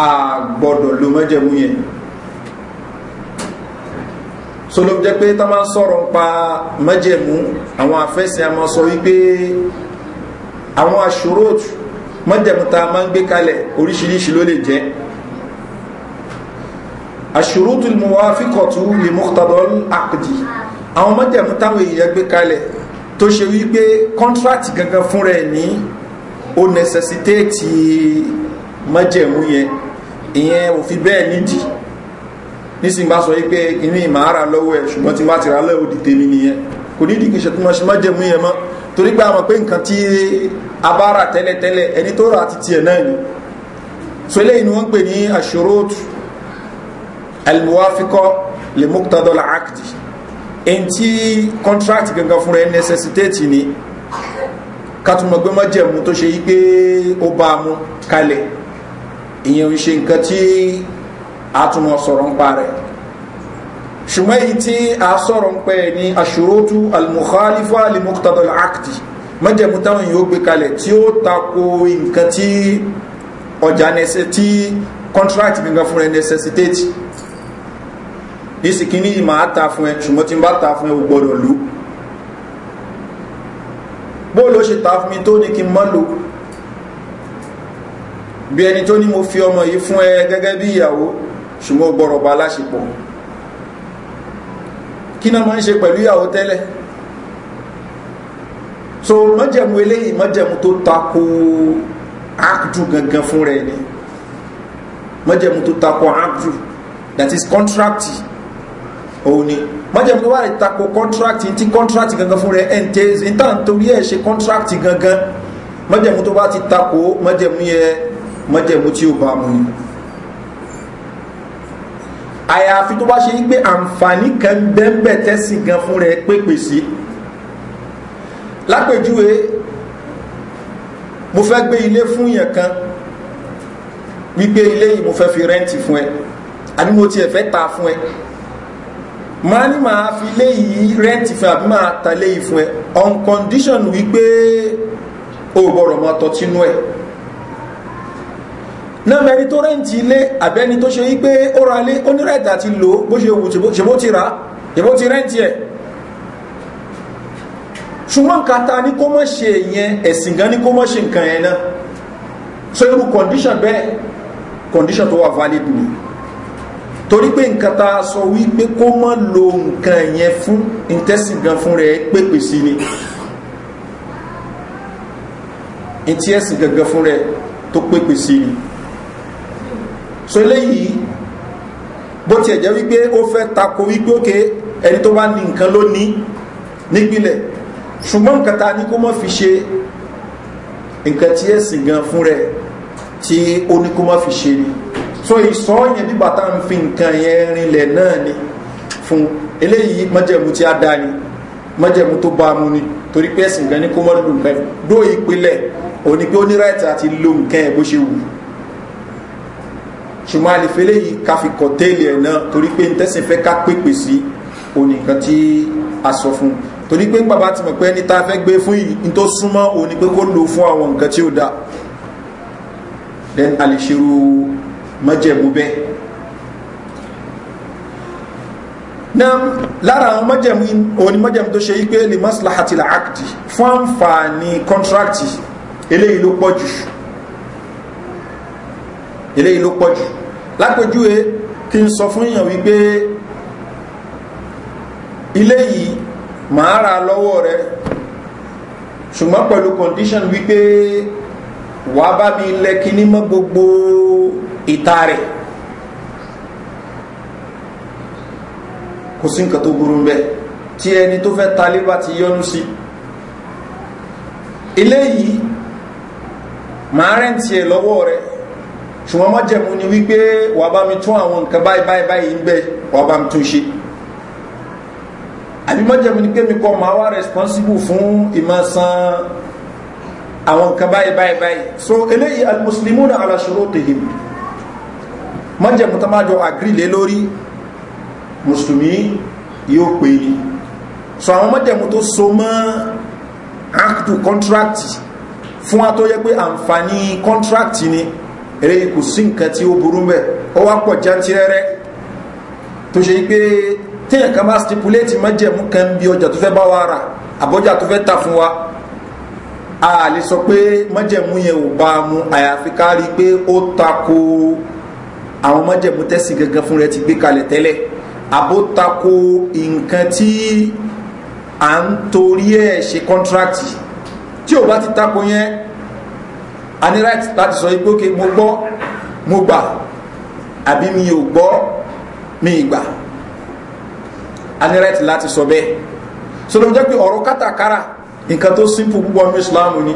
gbọ́dọ̀ lo májẹ̀mú yẹn so ló jẹ́ pé tá máa ń sọ̀rọ̀ ń pa májẹ̀mú àwọn afẹ́sìn a máa sọ wípé àwọn aṣòro májẹ̀mú tá a máa gbé kalẹ̀ oríṣiríṣi ló lè jẹ́ àṣùrùtù muwafikọ̀tù lè mọ́tàdọ́l àkùdì àwọn mọ́jẹ̀mú táwọn èèyàn gbé kalẹ̀ tó ṣe wípé kọ́ntrátì gangan fún rẹ̀ ní ó nẹ́sẹ̀sítéètì mọ́jẹ̀mú yẹn ìyẹn ò fi bẹ́ẹ̀ nídìí nísìnyí bá sọ wípé inú ìmàára lọ́wọ́ ẹ̀ ṣùgbọ́n tí bá ti ra lẹ́wọ́ dìde mi nìyẹn kò nídìí kí n ṣe tó máa ṣe mọ́jẹ̀mú yẹn mọ́ torí pé a mọ̀ pé nǹkan tí a bá rà tẹ́lẹ̀tẹ́lẹ̀ ẹni tó rà àti tiẹ̀ náà ni so eléyìí ni wọ́n ń pè ní àṣòrótù alimuwafikọ le muktadọla akidi enti contract gangan fúnra ẹ necessitate ni katumọgbẹ ma jẹmu tó ṣe yí pé ó bá a mú kalẹ̀ ìyẹn ń ṣe nǹkan tí àtúmọ̀ sọ̀rọ̀ ń pa rẹ̀ ṣùgbọ́n èyí tí a sọ̀rọ̀ ń pẹ́ ní aṣòrótú alimukhalifa alimuktadọl akidi májẹ̀mú táwọn yóò gbé kalẹ̀ tí ó tako nǹkan tí ọjà nẹsẹ tí contract gangan fúnra ìsìnkíní yìí máa ta fún ẹ ṣùgbọ́n tí n bá ta fún ẹ o gbọ́dọ̀ lò bó ló ṣe ta fún mi tó ní kí n mọ́ lò bí ẹni tó ní mo fi ọmọ yìí fún ẹ gẹ́gẹ́ bí ìyàwó ṣùgbọ́n o gbọ́dọ̀ bá aláṣepọ̀ kí náà máa ń ṣe pẹ̀lú ìyàwó tẹ́lẹ̀ so mọ́jẹ̀mú eléyìí mọ́jẹ̀mú tó tako áàdù gangan fún rẹ̀ ni mọ́jẹ̀mú tó tako áàdù that is contract òun ni májèmú tó wà lè tako kọ́ńtrákì tí kọ́ńtrákì gangan fún rẹ̀ ẹ̀ ń tẹ́ ẹ̀ ń tàn torí ẹ̀ ṣe kọ́ńtrákì gangan májèmú tó bá ti tako májèmú yẹ májèmú tí ó bá mu ni àyàfi tó bá ṣe wípé àǹfààní kan bẹ́ẹ̀ tẹ́sí gan fún rẹ̀ pépè sí mo fẹ́ gbé ilé fún yẹn kan wípé ilé yìí mo fẹ́ fi rẹ́ǹtì fún ẹ àbí mo tiẹ̀ fẹ́ ta fún ẹ máa ní máa fi léyìí rẹ́ǹtì fún àbí máa ta léyìí fún ẹ on condition wípé o gbọ́dọ̀ máa tọ́ tínú ẹ̀ náà mẹ́rin tó rẹ́ǹtì ilé àbẹ́ni tó ṣe wípé ó ra lé ó ní rẹ́ǹtì àti lò bó ṣe wù ṣe bó ti rà ṣe bó ti rẹ́ǹtì ẹ̀ ṣùgbọ́n nǹkan ta ní kó mọ́ ṣe yẹn ẹ̀sìn gan ní kó mọ́ ṣe nǹkan yẹn náà so irú condition bẹ́ẹ̀ condition tó wà valid ni torí pé nǹkan tá a sọ wípé kó má lo nǹkan yẹn fún ìtẹ́sìn gan fún rẹ̀ pépè sí ni ìtí ẹ̀sìn gangan fún rẹ̀ tó pépè sí ni so eléyìí bó tiẹ̀ jẹ́ wípé ó fẹ́ tako wípé òkè ẹni tó bá ní nǹkan ló ní nípìnlẹ̀ ṣùgbọ́n nǹkan ta ní kó má fi ṣe nǹkan tí ẹ̀sìn gan fún rẹ̀ tí ó ní kó má fi ṣe ni so ìsọ yẹn bí bàtà ń fi nǹkan yẹn rinlẹ̀ náà ni fún eléyìí mọ́jẹ̀mú tí a dá ni mọ́jẹ̀mú tó bá mu ni torí pé ẹ̀sìn gan ni kó mọ́ lù nǹkan dó ìpìlẹ̀ òní pé ó ní ráìtì àti lo nǹkan ẹ̀ bó ṣe wù ṣùgbọ́n àlefẹ́ eléyìí ká fi kọ̀ téèlì ẹ̀ náà torí pé ń tẹ́sìn fẹ́ ká pèpè sí òní nǹkan tí a sọ fún un torí pé bàbá ti mọ̀ pé ẹni tá a fẹ́ gbé fún yìí tó súnmọ́ òun pé kó lò fún àwọn nǹkan tí ó da then a májẹ̀mú bẹ́ẹ̀ náà lára àwọn májẹ̀mú òní májẹ̀mú tó ṣe wípé lè maslahati al-aqdi fún àǹfààní kọ́ntrákìtì eléyìí ló pọ̀ jù eléyìí ló pọ̀ jù lápèjúwe kí n sọ fún èèyàn wípé ilé màá ra lọ́wọ́ rẹ ṣùgbọ́n pẹ̀lú condition wípé wàá bá mi lẹ kíní mọ́ gbogbo ìta rẹ̀ kò sí nǹkan tó burú ń bẹ tí ẹni tó fẹ́ talé bá ti yọnu sí eléyìí màá rẹ̀ǹtì ẹ̀ lọ́wọ́ rẹ̀ ṣùgbọ́n mọ́jẹ̀mú ni wípé wà bá mi tún àwọn nǹkan báyìí báyìí báyìí ń bẹ wà bá mi tún ṣe ni pé mi kọ́ màá responsible fún ìmọ̀ san àwọn nǹkan báyìí báyìí báyìí so eléyìí al-muslimuna ala shurutihim mọ́jẹ̀mú tó máa jọ àgírí lé lórí mùsùlùmí yóò pè ní so àwọn mọ́jẹ̀mú tó so mọ́ aktu contract fún wa tó yẹ pé àǹfààní contract ni eré kò sí nǹkan tí ó burú mẹ́ ó wá pọ̀ jantirẹ́rẹ́ tó ṣe pé téèyàn kan bá stipulate mọ́jẹ̀mú kan bí ọjà tó fẹ́ bá wa rà àbọ́jà tó fẹ́ ta fún wa a lè sọ pé mọ́jẹ̀mú yẹn ò bá mu àyàfi ká rí i pé ó tako àwọn májẹ̀mú tẹ́sí gangan fún rẹ ti gbé kalẹ̀ tẹ́lẹ̀ àbótakò nǹkan tí à ń torí ẹ̀ ṣe kọ́ńtrákì tí ò bá ti tako yẹn a ní right láti sọ pé ókè mo gbọ́ mo gbà àbí mi ò gbọ́ mi ìgbà a ní right láti sọ bẹ́ẹ̀ sọdọ̀ jẹ́ pé ọ̀rọ̀ kátàkárà nǹkan tó simple púpọ̀ ní Islam ni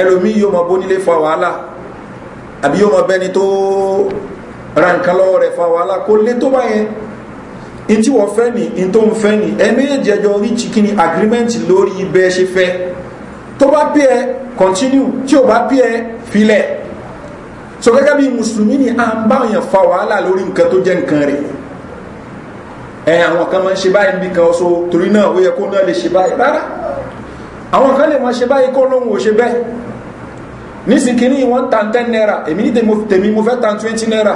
ẹlòmíì yóò máa bónílé fa wàhálà àbí yóò mọ bẹ́ni tó ra nǹkan lọ́wọ́ rẹ̀ fa wàhálà kó lé tó bá yẹn in tí wọ́n fẹ́ ni in tó ń fẹ́ ni ẹ méjèèjì ẹjọ́ rí chikini agreement lórí bẹ́ẹ̀ ṣe fẹ́ tó bá bí ẹ continue tí ò bá bí ẹ filẹ̀ so gẹ́gẹ́ bí mùsùlùmí ni à ń bá yẹn fa wàhálà lórí nǹkan tó jẹ́ nǹkan rẹ̀ ẹ àwọn kan máa ń ṣe báyìí níbi kan ọ̀ṣọ́ torí náà ó yẹ kó náà lè ṣe báyìí rárá àwọn kan lè máa ṣe báyìí kó lóhun ò ṣe bẹ́ẹ̀ nísìn kìíní wọ́n tan ten naira èmi ní tèmi mo fẹ́ tan twenty naira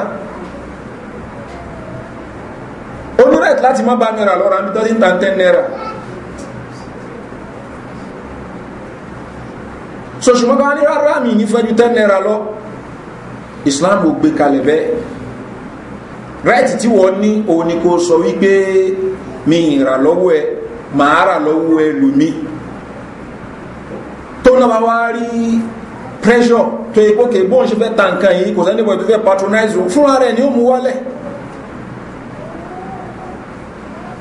onírẹ̀tì láti má bá naira lọ́ra níbi tó ti ń tan ten naira so ṣùgbọ́n rárá mi ní fẹ́ ten naira lọ Islam ò gbé kalẹ̀ bẹ́ẹ̀ rẹ́ẹ̀tì tí wọ́n ní òun ni kò sọ wípé mi ìrà lọ́wọ́ ẹ màá rà lọ́wọ́ ẹ lùmí tó náà wá rí pressure tó yẹ kó kèé bóun ṣe fẹ́ ta nǹkan yìí kò sẹ́ni bọ̀ tó fẹ́ patronize òun fúnra rẹ̀ ni ó mú wálẹ̀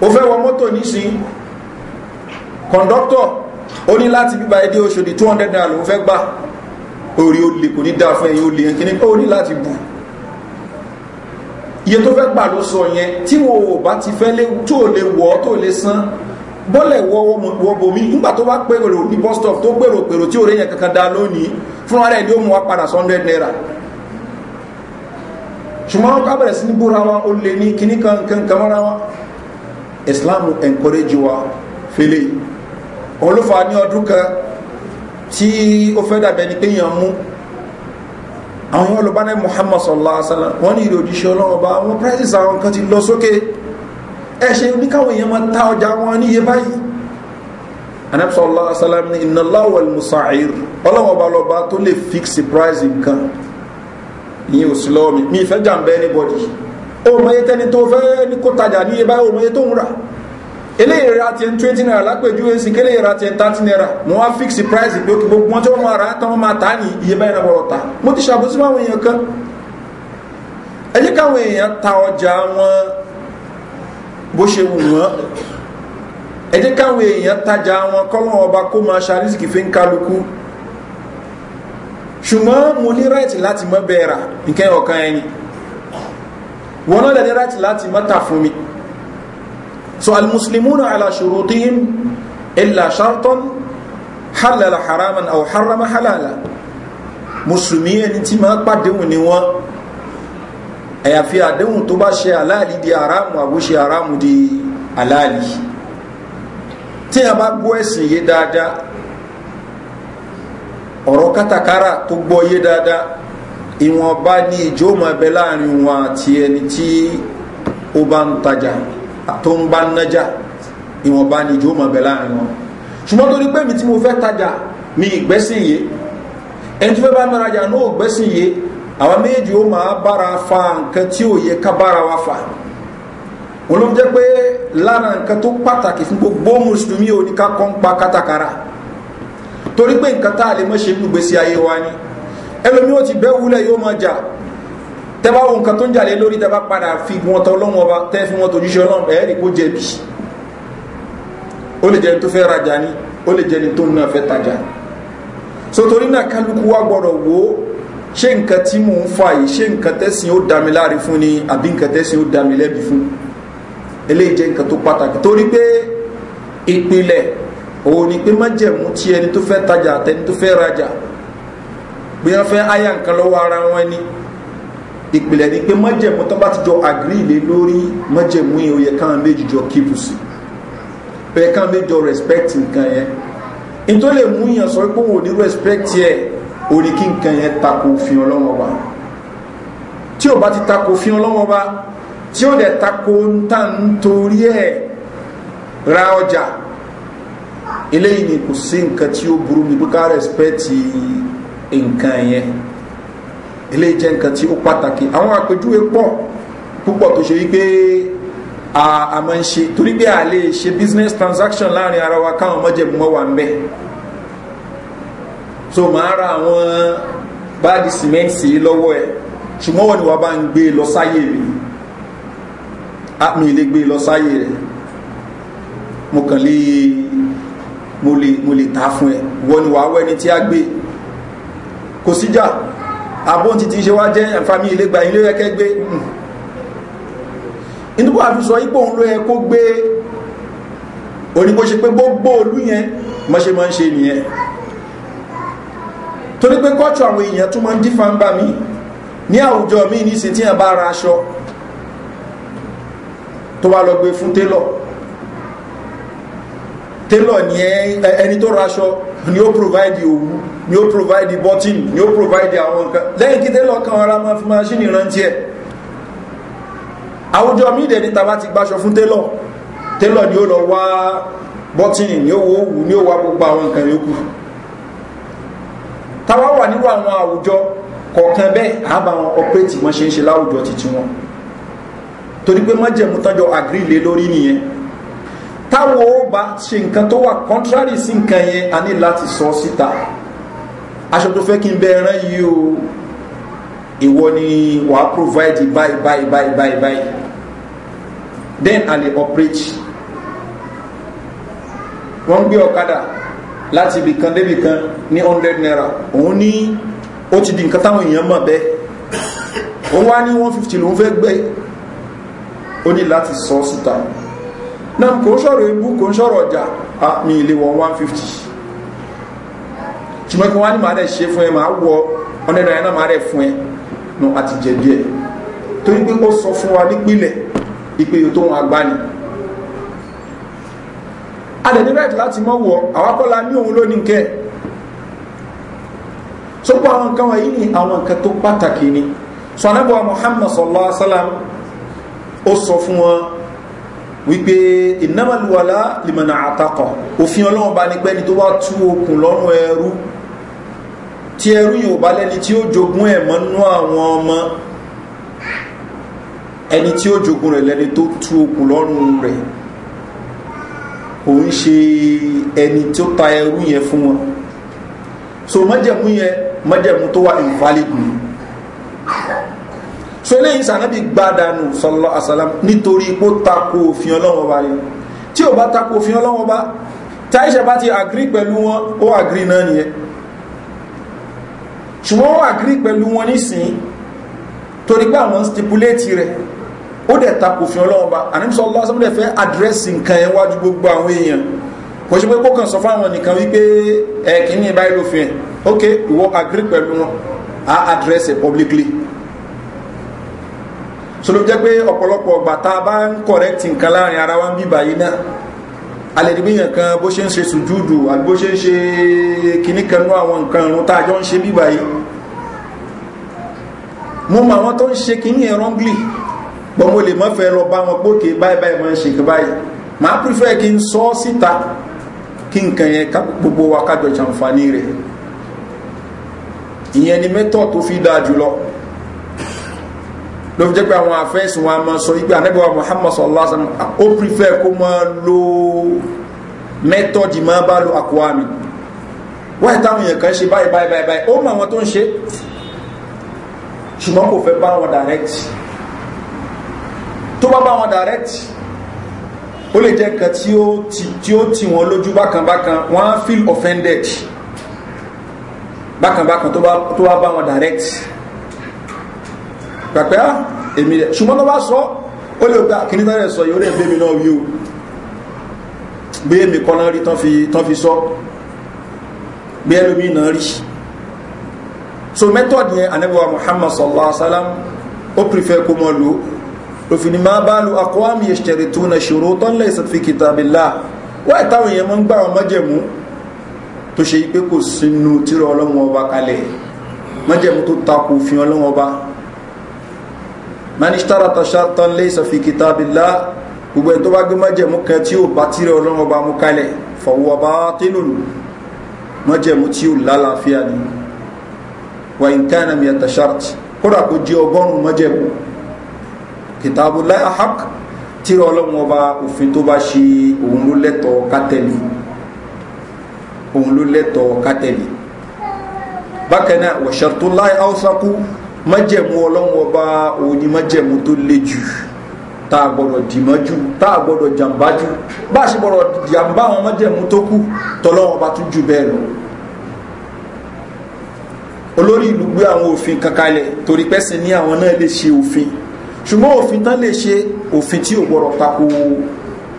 ó fẹ́ wọ mọ́tò nísìnyí kọ̀ǹdọ́tọ̀ ó ní láti bíbá ẹdí oṣòdì 200 naira ló fẹ́ gbà orí ó lè kò ní dáa fún ẹ̀yìn ó lè ẹ̀kíní ó ní láti bù iye tó fẹ́ gbà ló sọ yẹn tí wọn ò bá ti fẹ́ tó lè wọ́ tó lè san bọ́lẹ̀ wọ bòmí nígbà tó bá pèrò ní bus stop tó pèrò pèrò tí òré yẹn kankan dá lónìí fún ara ẹ̀ ni ó mú wa padà 100 naira ṣùgbọ́n ká bẹ̀rẹ̀ sí ní búra wọn ó lè ní kíní kamara wọn Islam encourage wa fele olùfà ní ọdún kan tí ó fẹ́ dàbẹ̀ ni pé yàn mú àwọn olùbánẹ́ Muhammad sallallahu alaihi wa sallam wọ́n ní ìròyìn ọlọ́run ọba àwọn àwọn ẹ ṣe ní káwọn èèyàn máa ta ọjà wọn níye báyìí anabisa allah asalam ni inna allah wal musa'ir ọlọ́wọ́ ba lọ́ba tó lè fix price nǹkan ìyẹn ò sí lọ́wọ́ mi mi ìfẹ́ jàǹbẹ́ anybody ó mọ iye tó fẹ́ ní kó tajà níye báyìí ó mọ tó ń rà eléyìí ra tiẹ̀ twenty naira lápèjúwe sí kéléyìí ra tiẹ̀ thirty naira mo wá fix price pé kí gbogbo wọn tí wọn máa ra tán wọn máa tà ní iye báyìí náà bọ̀rọ̀ ta mo ti ṣàbùsí fáwọn èèyàn kan ẹ káwọn èèyàn ta ọjà wọn bó ṣe wù wọ́n ẹ jẹ́ káwọn èèyàn tajà wọn kọ́lọ́n ọba kó máa ṣàrísìkì fi ń kálukú ṣùgbọ́n mo ní ráìtì láti mọ́ bẹ́ẹ̀ rà ọ̀kan ẹni wọn náà lẹ́ni ráìtì láti mọ́ tà fún mi so almuslimuna ala shurutihim illa sharton halala haraman aw harrama halala musulmi ẹni tí máa pàdéhùn ni wọ́n àyàfi àdéhùn tó bá ṣe aláàlì di aráàmù àbúṣe aráàmù di aláàlì tí a bá gbọ́ ẹ̀sìn yé dáadáa ọ̀rọ̀ kátàkárà tó gbọ́ yé dáadáa ìwọ̀nba ní ìjọ́mọ̀ ẹbẹ láàrin wọn àti ẹni tí ó bá ń tajà tó ń bá ń nájà ìwọ̀nba ní ìjọ́mọ̀ ẹbẹ láàrin wọn ṣùgbọ́n torí pé mi tí mo fẹ́ tajà mi ìgbẹ́sìn yé ẹni tí fẹ́ bá mi rajà náà ò gbẹ́sìn yé àwọn méjì ó máa bára fa nǹkan tí ò yẹ ká bára wa fa wọn ló jẹ́ pé lára nǹkan tó pàtàkì fún gbogbo mùsùlùmí ò ní ká kọ́ ń pa kátàkárà torí pé nǹkan tá a lè mọ́ ṣe nínú gbèsè ayé wa ni ẹlòmí ó ti bẹ́ wúlẹ̀ yóò máa jà tẹ́bá wo nǹkan tó ń jà lórí tẹ́bá padà fi wọn tọ́ lọ́wọ́ ọba tẹ́ fi wọn tòjúṣe ọlọ́run ẹ̀ẹ́rì kó jẹ̀bi ó lè jẹni tó fẹ́ rajà ni ó lè jẹni tó náà fẹ́ tajà so náà kálukú wa gbọ́dọ̀ wò ó ṣé nǹkan tí mò ń fa yìí ṣé nǹkan tẹ́sìn ó dá mi láre ni àbí nǹkan tẹ́sìn ó dá mi lẹ́bi fún eléyìí jẹ́ nǹkan tó pàtàkì torí pé ìpìlẹ̀ òun ni pé májẹ̀mú tí ẹni tó fẹ́ tajà àtẹni tó fẹ́ rajà bí wọ́n fẹ́ áyà nǹkan ara wọn ni ìpìlẹ̀ ni pé májẹ̀mú tó bá ti jọ àgírí ilé lórí májẹ̀mú yẹn ó yẹ káwọn méjì jọ kíbù sí ó yẹ káwọn méjì jọ respect nǹkan yẹn nítorí lè mú yàn sọ pé òun ò ní respect yẹn orí kí nǹkan yẹn tako òfin ọlọ́wọ́n ọba tí ò bá ti tako òfin ọlọ́wọ́n ọba tí ó dẹ̀ tako ń tà ń torí ẹ̀ ra ọjà eléyìí ni kò sí nǹkan tí ó burú ní pípa rẹ́spẹ́tì nǹkan yẹn eléyìí jẹ́ nǹkan tí ó pàtàkì àwọn àpèjúwe pọ̀ púpọ̀ tó ṣe wípé a máa ń ṣe torí pé a lè ṣe business transaction láàrin ara wa káwọn mọ́jẹ̀mú mọ́ wa ń bẹ́ẹ̀ so màá ra àwọn báàdì sìmẹ́ǹtì lọ́wọ́ ẹ ṣùgbọ́n wọn ni wàá bá ń gbé e lọ sáyé mi àmì ilé gbé e lọ sáyé rẹ mo kàn lè mo lè mo lè ta fún ẹ wọn ni wàá wẹni tí a gbé kò síjà àbọ̀n ti ti ṣe wá jẹ́ àǹfààní ilé gba ilé ẹ̀kẹ́ gbé hmm. nítorí wàá fi sọ ipò òun ló yẹ kó gbé onígbó ṣe pé gbogbo olú yẹn mọ́ nìyẹn torí pé kọ́ọ̀tù àwọn èèyàn tún máa ń dífà ń bà mí ní àwùjọ mi ní ìsìn tí yẹn bá ra aṣọ tó wá lọ gbé fún télọ̀ télọ̀ ni ẹni tó ra aṣọ ni ó provide òwú ni ó provide button ni ó provide àwọn nǹkan lẹ́yìn kí télọ̀ kan ara máa fi máṣíìnì rántí ẹ̀ àwùjọ mi dẹ̀ ní tàbá ti gbaṣọ fún télọ̀ télọ̀ ni ó lọ wá button ni ó wo òwú ni ó wá gbogbo àwọn nǹkan yòókù táwa wà nínú àwọn àwùjọ kọ̀ọ̀kan bẹ́ẹ̀ àbá wọn ọ̀pẹ́ẹ̀tì wọn ṣe ń ṣe láwùjọ títí wọn torí pé mọ́jẹ̀mú tọ́jọ́ àgírílẹ̀ lórí nìyẹn táwọn ó bá ṣe nǹkan tó wà contrary sí nǹkan yẹn a ní láti sọ síta aṣọ tó fẹ́ kí n bẹ ẹran yìí o ìwọ ni wà á provide báyìí báyìí báyìí báyìí báyìí then a lè operate wọ́n ń gbé ọ̀kadà láti ibì kan débì kan ní hundred naira òun ní ó ti di nǹkan táwọn èèyàn mọ̀ bẹ́ẹ̀ ó wá ní one fifty lòun fẹ́ gbé ó ní láti sọ síta náà kò ń sọ̀rọ̀ ibú kò ń sọ̀rọ̀ ọjà mi ilé wọn one fifty ṣùgbọ́n kí wọ́n ní màá dẹ̀ ṣe fún ẹ wọ hundred naira dẹ̀ fún ẹ àtijẹ́ díẹ̀ torí pé ó sọ fún wa nípìnlẹ̀ ìpè tó wọn agbá ni. a lè ní right láti mọ́ wọ àwákọ́lá ní òun ló ní kẹ́ sọ́pọ̀ àwọn nǹkan wọ̀nyí ni àwọn nǹkan tó pàtàkì ni sọ anábọ̀ muhammad sallallahu alaihi wasallam ó sọ fún wọn wípé ìnámàlúwàlá lìmọ̀nà àtakọ̀ òfin ọlọ́run bá ní pẹ́ni tó bá tú okùn lọ́rùn ẹrú tí ẹrú yìí ò bá lẹ́ni tí ó jogún ẹ̀ mọ́nú àwọn ọmọ ẹni tí ó jogún rẹ̀ lẹ́ni tó tú okùn lọ́rùn rẹ̀ òun ṣe ẹni tí ó ta ẹrú yẹn fún wọn so májẹ̀mú yẹn májẹ̀mú tó wà invalid ni so eléyìí sànábì gbádànù sọlọ àsàlám nítorí pé ó tako òfin ọlọ́wọ́ bá yẹn tí ò bá tako òfin ọlọ́wọ́ bá tí àìṣẹ́ bá ti àgírí pẹ̀lú wọn ó àgírí náà nìyẹn ṣùgbọ́n ó àgírí pẹ̀lú wọn nísìnyí torí pé àwọn stipulate rẹ̀ ó dẹ̀ takò fi ọlọ́run ba ànímsọ lásán dẹ̀ fẹ́ àdírẹ́sì nǹkan ẹ̀ wájú gbogbo àwọn èèyàn kò ṣe pé kó kàn sọ fáwọn nìkan wípé ẹ kì í ní báyìí lófin ẹ̀ ok ìwọ agree pẹ̀lú wọn á àdírẹ́sì publicly sọlọ jẹ́ pé ọ̀pọ̀lọpọ̀ ọgbà tá a bá ń correct nǹkan láàrin ara wa ń bíbà yìí náà alẹ́ níbi yàn kan bó ṣe ń ṣe sùjúdù àbí bó ṣe ń ṣe kinní kan nú àwọn nǹkan ìrún tá a jọ ń ṣe bíbà yìí mo mọ àwọn tó ń ṣe kinní ẹ̀ wrongly bọ́n mo lè mọ́fẹ́ lọ bá wọn pókè báyìí báyìí máa ń ṣe kí báyìí màá pírífẹ́ kí n sọ ọ́ síta kí nǹkan yẹn gbogbo wa kájọ jàǹfààní rẹ̀ ìyẹn ni mẹ́tọ̀ tó fi dáa jùlọ ló fi jẹ́ pé àwọn afẹ́sùn wa máa sọ ìgbà anábẹ́wà Muhammad sallallahu alaihi wasallam ó pírífẹ́ kó máa lo mẹ́tọ̀ jì máa bá lo àkọ́wá mi wáyé táwọn èèyàn kan ṣe báyìí báyìí báyìí ó mọ àwọn tó ń ṣe ṣùgbọ́n kò fẹ́ bá wọn direct tó bá bá wọn direct ó lè jẹ́ nǹkan tí ó ti tí ó ti wọn lójú bákanbákan wọ́n á feel offended bákanbákan tó bá tó bá bá wọn direct pàpẹ́ á ah, èmi rẹ̀ ṣùgbọ́n tó bá sọ ó lè gba kìnní tán rẹ̀ sọ yìí ó lè gbé mi náà wí o bí èmi kọ́ náà rí tán fi tán fi sọ bí ẹlòmíì náà rí so method yẹn anabiwa muhammad sallallahu alaihi wa sallam ó prefer kó mọ lò ó òfin ni máa bá lu akọ́wàmì yashtarituna shurutan laysat fi kitabillah wá ìtàwọn èèyàn mọ́ ń gbà wọn májẹ̀mú tó ṣe pé kò sínú tírà ọlọ́run ọba kalẹ̀ májẹ̀mú tó takò òfin ọlọ́run ọba man ishtarata shartan laysa fi kitabillah gbogbo ẹni tó bá gbé májẹ̀mú kan tí ó bá tírà ọlọ́run ọba mú kalẹ̀ fa huwa batilun májẹ̀mú tí ó lálàáfíà ni wa in kana mi'ata shart kódà kó jẹ́ ọgọ́rùn-ún májẹ̀mú kìtàbùlá ahak tí ọlọ́run ọba òfin tó bá ṣe òun ló lẹ́tọ̀ọ́ kátẹ́lì òun ló lẹ́tọ̀ọ́ kátẹ́lì bákan náà wọ̀ṣẹ̀tò láì haúsákú májẹ̀mú ọlọ́run ọba òun ni májẹ̀mú tó le jù tá a gbọ́dọ̀ dìmọ́jú tá a gbọ́dọ̀ jàǹbájú bá a ṣe gbọ́dọ̀ jàǹbá àwọn májẹ̀mú tó kù tọ́lọ́run tún jù bẹ́ẹ̀ lọ olórí ìlú gbé àwọn òfin kankanlẹ̀ torí pẹ́sìn ní àwọn náà lè ṣe òfin ṣùgbọ́n òfin tán lè ṣe òfin tí ò gbọ́rọ̀ tako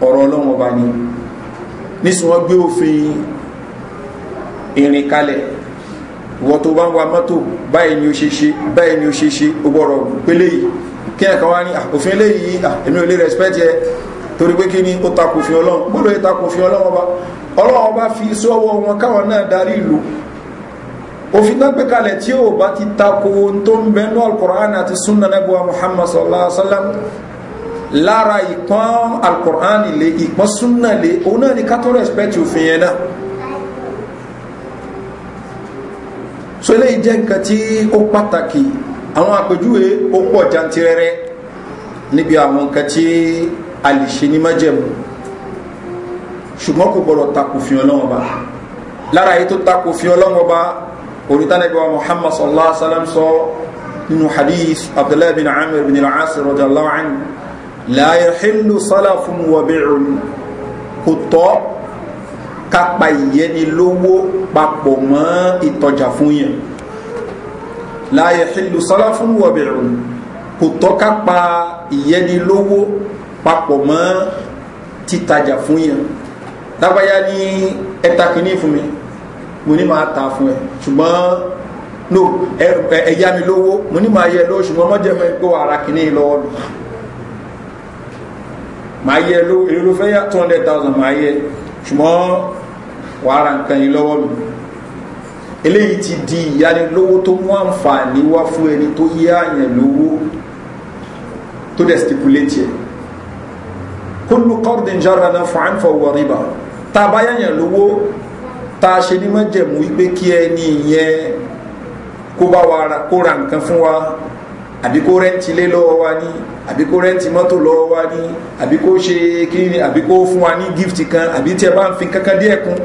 ọ̀rọ̀ ọlọ́run ọba ni nísìn wọ́n gbé òfin ìrìn kalẹ̀ wọ́n tó bá ń wa mọ́tò báyìí ni ó ṣe ṣe báyìí ni ó ṣe ṣe ó gbọ́rọ̀ pélé yìí kí ẹ̀kan wá ní òfin eléyìí èmi ò lè respect yẹ torí pé kí ni ó tako òfin ọlọ́run gbọ́dọ̀ ó tako òfin ọlọ́run ọba ọlọ́run fi sọ́wọ́ wọn káwọn náà darí ìlú òfin náà gbé kalẹ̀ tí ó bá ti tako ohun tó ń bẹnu alukur'an àti sunna nabuwa muhammad sallallahu alaihi wa sallam lára ìpọ́n alukur'an lè ìpọ́n sunna lè òun náà ni kátó respect òfin yẹn náà so eléyìí jẹ́ nǹkan tí ó pàtàkì àwọn àpèjúwe ó pọ̀ jantirẹrẹ níbi àwọn nǹkan tí a lè májẹ̀mú ṣùgbọ́n kò gbọ́dọ̀ takò fi ọlọ́wọ́n ba lára yìí tó takò fi ọlọ́wọ́n ba onítànẹ́gbẹ̀wà muhammad sallallahu alaihi wasallam sọ nínú hadith abdullahi bin amir bin al-asir radiyallahu anhu la yahillu salafun wa bi'un kò tọ́ kápa ìyẹni lówó papọ̀ mọ́ ìtọjà fún yẹn la yahillu salafun wa bi'un kò tọ́ kápa ìyẹni lówó papọ̀ mọ́ títajà fún yẹn lábáyá ní ẹta mi mo ní máa ta fún ẹ ṣùgbọ́n no ẹ̀yà mi lówó mo ní máa yẹ lówó ṣùgbọ́n mọ́jẹ́ mi pé wà ara kìíní lọ́wọ́ lọ máa yẹ lówó èrè fẹ́ yá two hundred thousand máa yẹ ṣùgbọ́n wà ara nǹkan yìí lọ́wọ́ lọ eléyìí ti di ìyánilówó tó mú àǹfààní wá fún ẹni tó yẹ àyàn lówó tó dẹ̀ stipulate yẹ kúlù kọ́rdìn jára náà fún àǹfà wọ̀ rìbá tá a bá yẹ̀yàn lówó tá a ṣe ní mọ́jẹ̀mú wípé kí ẹni yẹn kó bá wa kó ra nǹkan fún wa àbí kó rẹ́ǹtì lé lọ́wọ́ wa ní àbí kó rẹ́ǹtì mọ́tò lọ́wọ́ wa ní àbí kó ṣe kíni àbí kó fún wa ní gift kan àbí tí ẹ bá ń fi kankan díẹ̀ kún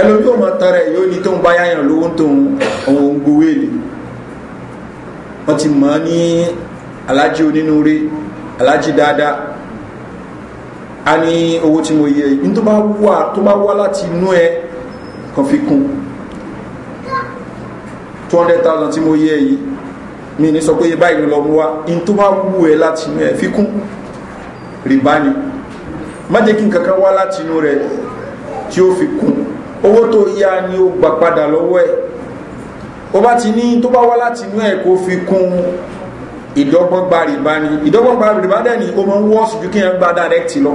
ẹlòmí ò mọ tán rẹ̀ yóò ní tó ń bá yáyàn lówó tó ń òun gbowó èlé wọ́n ti mọ̀ ní alájí onínúure alájí dáadáa a ní owó tí mo yẹ yìí tó bá wà tó bá wà láti inú ẹ kan fi kún two hundred thousand tí mo yẹ yìí mi ní sọ pé iye báyìí lọ mú wa in tó bá wù ẹ láti inú ẹ fi kún rìbá ni má jẹ́ kí nǹkan kan wá láti inú rẹ tí ó fi kún owó tó yá ni ó gbà padà lọ́wọ́ ẹ̀ ó bá ti ní tó bá wá láti inú ẹ̀ kó fi kún ìdọ́gbọ́n rìbá ni ìdọ́gbọ́n rìbá dẹ̀ ni ó máa ń wọ́ọ̀sì ju kí ẹ̀ gba direct lọ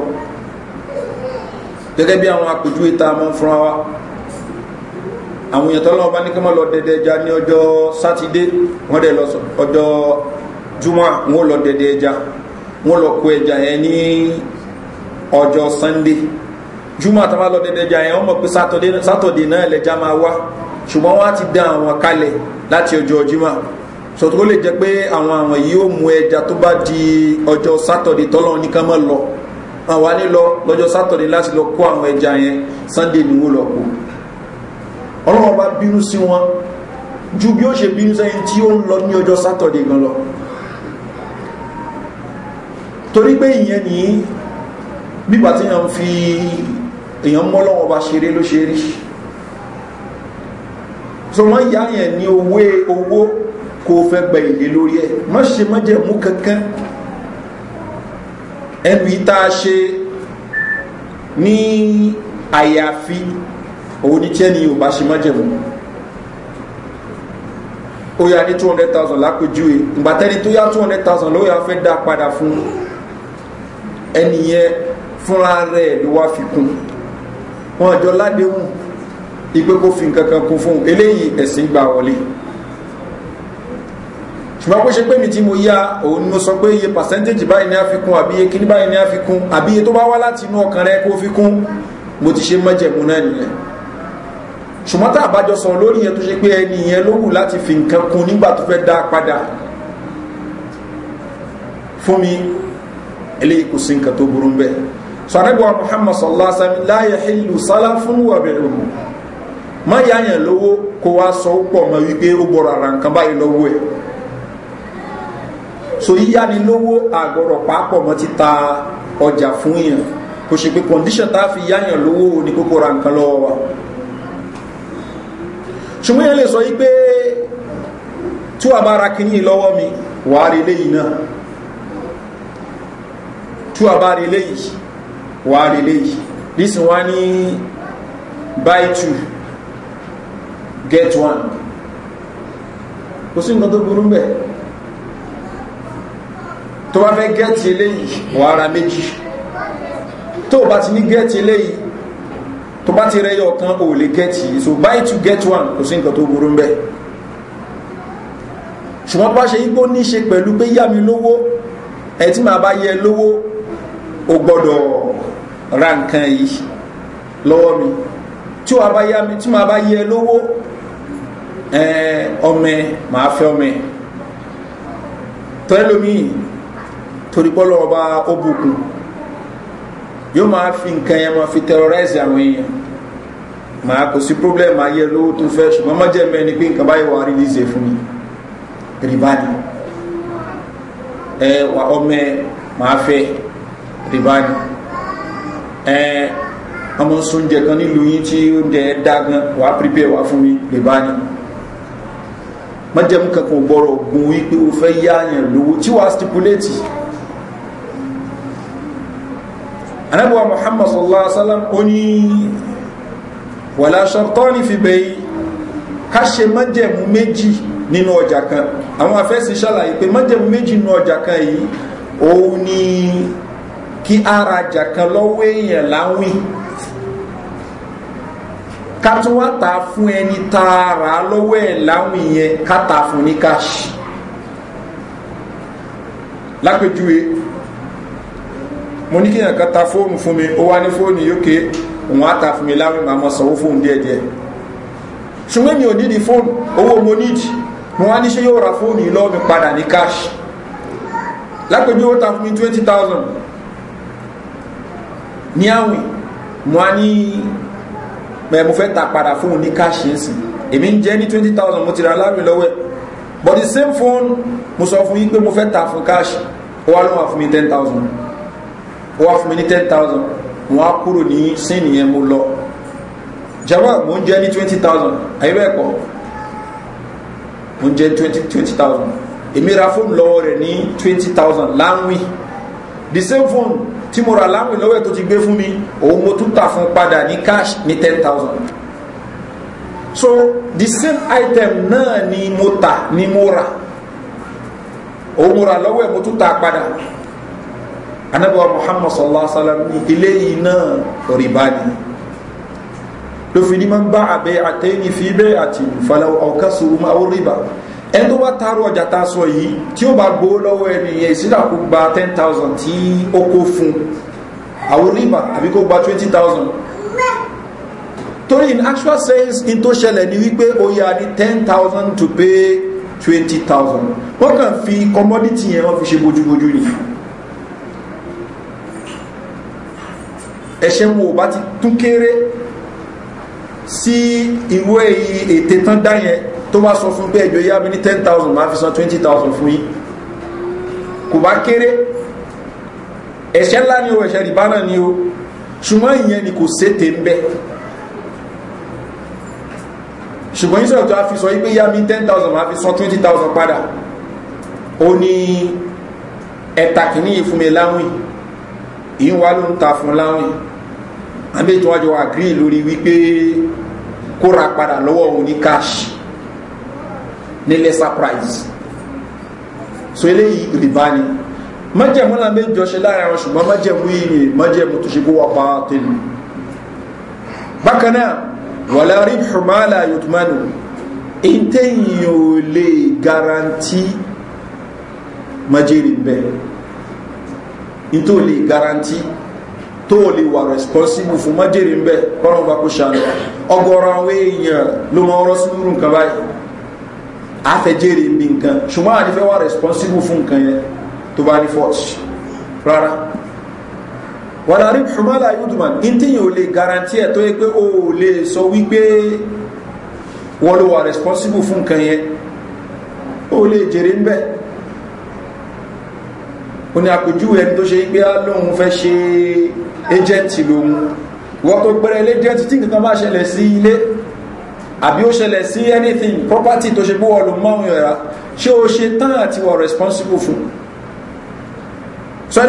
gẹ́gẹ́ bí àwọn àpèjúwe tá a máa wa àwọn èèyàn tọ́lọ́wọ́ bá ní kí wọ́n lọ dẹdẹ ẹja ní ọjọ́ sátidé wọ́n dẹ̀ lọ ọjọ́ júmọ́ wọ́n lọ dẹdẹ ẹja wọ́n lọ kó ẹja yẹn ní ọjọ́ sannde júmọ́ àtàwọn lọ dẹdẹ ẹja yẹn wọ́n mọ̀ pé sátọ̀dé náà lẹ́ja máa wá ṣùgbọ́n wọ́n á ti dá àwọn kalẹ̀ láti ọjọ́ jimá sọ̀tún ó lè jẹ́ pé àwọn àwọn yìí ó mú ẹja tó bá di ọjọ́ sátọ̀dé tọ́lọ́run ní ká mọ̀ lọ àwọn alẹ́ lọ lọ́jọ́ sátọ̀dé láti lọ kó àwọn ẹja yẹn sannde ni wọ́n lọ kó ọlọ́wọ́ bá bínú sí wọn ju bí ó ṣe bínú sẹ́yìn tí ó ń lọ ní ọjọ́ sátọ̀dé gan lọ torí pé ìyẹn ní bíbà tí èèyàn fi èèyàn mọ́ lọ́wọ́ bá ṣeré ló ṣe rí so wọ́n yá yẹn ní owó owó kò fẹ́ gbẹ ìlé lórí ẹ̀ má ṣe má jẹ́ mú kankan ẹnu tá a ṣe ní àyàfi òun ní tíẹ́ ni ò bá ṣe mọ́jẹ̀mú ó yá ní two hundred thousand lápèjúwe ìgbàtẹ́ni tó yá two hundred thousand ló yà fẹ́ dá padà fún ẹni yẹn fúnra rẹ̀ ló wá fi kún wọn àjọ ládéhùn ìpé kó fi nǹkan kan kún fún eléyìí ẹ̀sìn gbà wọlé ṣùgbọ́n pé ṣe pé mi tí mo yá òun ni mo sọ pé iye percentage báyìí ni a fi kún àbí iye kíní báyìí ni a fi kún àbí iye tó bá wá láti inú ọkàn rẹ kó fi kún mo ti ṣe mọ́jẹ̀mú náà nìyẹn ṣùgbọ́n tá a bá jọ sọ̀rọ̀ lórí yẹn tó ṣe pé ẹni yẹn ló wù láti fi nǹkan kun nígbà tó fẹ́ dá padà fún mi eléyìí kò sí nǹkan tó burú bẹ́ẹ̀ sọ anábìwá muhammad sallallahu alaihi wa sallam láyé hìlù sálá fún wàbẹ̀rù má yá yẹn lówó kó wá sọ pọ̀ mọ́ wípé ó gbọ́dọ̀ ara nǹkan báyìí lọ́wọ́ ẹ̀ so yíyáni lówó àgọ́rọ̀ pàápọ̀ mọ́ ti ta ọjà fún yẹn kò ṣe pé condition tá a fi yá yẹn lówó ni kókó ra nǹkan lọ́wọ́ wa ṣùgbọ́n yẹn lè sọ yí pé tí wà bá ra kìíní lọ́wọ́ mi wà á rí léyìí náà tí wà bá rí léyìí wà á rí léyìí this one ní buy two get one kò sí nǹkan tó burú mbẹ̀ tó bá fẹ́ gẹ́ẹ̀tì eléyìí wà á ra méjì tó bá ti ní gẹ́ẹ̀tì eléyìí tó bá ti rẹyọ kan ò lè gẹ́tì so buy two get one kò sí nǹkan tó burú ń bẹ ṣùgbọ́n bá ṣe igbó ní ṣe pẹ̀lú pé yá mi lówó ẹ tí màá bá yẹ lówó o gbọ́dọ̀ ra nǹkan yìí lọ́wọ́ mi tí wàá bá yá mi tí màá bá yẹ lówó ọmọ ẹ màá fẹ́ ọmọ ẹ tọ́lẹ́lómi torí pọ́lọ́ ọba ó bùkún yóò máa fi nǹkan yẹn máa fi terrorize àwọn èèyàn màá kò sí problem ayé lówó tó fẹ́ ṣùgbọ́n má jẹ́ mẹ́ni pé nǹkan báyìí wà á release fún mi rìbá ni ẹ wà ọmọ ẹ màá fẹ́ rìbá ẹ ọmọ sunjẹ kan nílùú yín tí oúnjẹ ẹ dá gan wàá prepare wá fún mi rìbá ni má jẹ́ mú kankan gbọ́rọ̀ gun wípé o fẹ́ yá yẹn lówó tí wàá stipulate anabuwa muhammad sallallahu alaihi wasallam ó ní wàlá ṣartọ́ni fi bẹ́ẹ̀ ká ṣe májẹ̀mú méjì nínú ọjà kan àwọn afẹ́sí ṣàlàyé pé májẹ̀mú méjì nínú ọjà kan yìí òun ni kí arajà kan lọ́wọ́ èèyàn láwìn ká tún wá ta fún ẹni tààrà lọ́wọ́ ẹ̀ láwìn yẹn ká ta fún ní káṣí lápèjúwe Moniki na kata èèyàn kan ta fóònù fún mi ó wá ní fóònù yókè òun á ta fún mi láwìn màá mọ sanwó fóònù díẹ̀díẹ̀ ṣùgbọ́n mi ò nídìí fóònù owó mo nídìí mo wá ní ṣé yóò ra fóònù yìí lọ́wọ́ mi padà ní cash lápèjú ó ta fún mi twenty thousand ní àwìn mo wá ní mo fẹ́ ta padà fóònù ní cash yẹn sìn èmi ń jẹ́ ní twenty thousand mo ti ra láwìn lọ́wọ́ ẹ̀ but the same phone mo sọ fún yín pé mo fẹ́ ta fún cash ó wá lọ́wọ́ fún mi ten thousand wọ́n fún mi ní ten thousand wọ́n á kúrò ní sin yẹn mo lọ jama mo ń jẹ́ ní twenty thousand àyè bẹ́ẹ̀ mo ń jẹ́ twenty twenty thousand èmi ra fóònù lọ́wọ́ rẹ̀ ní twenty thousand láwìn the same phone tí mo ra láwìn lọ́wọ́ ẹ̀ tó ti gbé fún mi òun mo tún tà fún padà ní cash ní ten thousand so the same item náà ni mo tà ni mo rà òun mo ra lọ́wọ́ ẹ̀ mo tún tà padà anabiwa muhammad sallallahu alaihi wa sallam ní eléyìí náà rìbá ni lófin ní máa ń bá àbẹ àtẹyìn fi bẹ àti ìfàlà ọkàsùn àwọn rìbá ẹni tó bá taarọ ọjà tá a sọ yìí tí ó bá gbowó lọ́wọ́ ẹnìyẹn ìsìlá kó gba ten thousand tí ó kó fún àwọn rìbá àbí kó gba twenty thousand torí in actual sense in tó ṣẹlẹ̀ ni wípé ó yà ní ten thousand to pay twenty thousand wọ́n kàn fi commodity yẹn wọ́n fi ṣe bójúbójú nìyí ẹ̀ṣẹ̀ wọn ò bá ti tún kéré sí irú èyí ètè tán dá yẹn tó bá sọ fún pé ẹjọ́ yá mi ní ten thousand máa fi san twenty thousand fún yín kò bá kéré ẹ̀ṣẹ̀ ńlá ni o ẹ̀ṣẹ̀ rìbá náà ni o ṣùgbọ́n ìyẹn ni kò sété ń bẹ́ ṣùgbọ́n yíṣọ́ ìtọ́ àfisọ yí pé yá mi 10,000 máa fi san 20,000 padà ó ní ẹ̀tàkì ní ìfúnmi láwìn ìyún ló ń ta fún láwìn àmì ètò àjọ àgírí lórí wípé kó ra padà lọ́wọ́ òun ní cash ní lesser price so eléyìí rìbá ni májẹ̀mú la méjọ ṣe láàrin àwọn ṣùgbọ́n májẹ̀mú yìí májẹ̀mú tó ṣe kó wà pàá tẹ́lú bákanáà wà láàrin ṣùmọ́lá yòtùmánù ìtẹ́yìn ò lè garanti májẹ̀rì bẹ́ẹ̀ ìtò lè garanti tó o lè wà responsible fún májèrè ń bẹ kọ́nà bá kó ṣàánú ọgọ́rọ̀ àwọn èèyàn ló máa rọ́ sí irú nǹkan báyìí àfẹ́jèrè ń bi nǹkan ṣùgbọ́n àdìfẹ́ wà responsible fún nǹkan yẹn tó bá ní force rárá wàlá rí ṣùgbọ́nlá yúdùmá ìtìyàn ò lè garanti ẹ̀ tó yẹ pé o ò lè sọ wípé wọ́n ló wà responsible fún nǹkan yẹn o lè jèrè ń bẹ́ẹ̀ ó ní àpèjúwe ẹni tó ṣe pé á lóun fẹ́ ṣe ẹjẹ́ǹtì lòun wọ́n tó gbẹ́rẹ́ ilé jẹ́ǹtì tí nǹkan bá ṣẹlẹ̀ sí ilé àbí ó ṣẹlẹ̀ sí anything property tó ṣe bó wọ́n lò mọ́rùn ṣé o ṣe tán àti wọ́n responsible fún so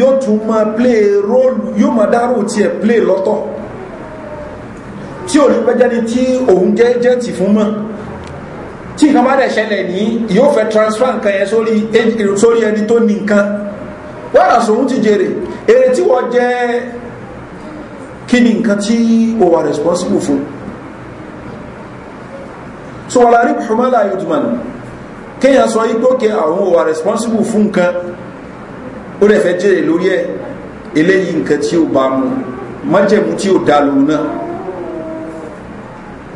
yóò tún máa play role yóò máa dárò tiẹ̀ play lọ́tọ̀ tí ò ní pẹ́ tí òun jẹ́ jẹ́ǹtì fún mọ́ tí nǹkan bá dẹ̀ ṣẹlẹ̀ ní yóò fẹ́ transfer nǹkan yẹn sórí ẹni tó ní nǹkan wàrà sòun ti jèrè èrè tí wọ́n jẹ́ kí ni nǹkan tí o wà responsible fún so wà láàrin pùmọ́lá ayọ́tùmọ̀ nù kéèyàn sọ igbó kẹ àwọn o wà responsible fún nǹkan ó rẹ̀ fẹ́ jèrè lórí ẹ̀ eléyìí nǹkan tí ó bá mu májẹ̀mú tí ó dá lòun náà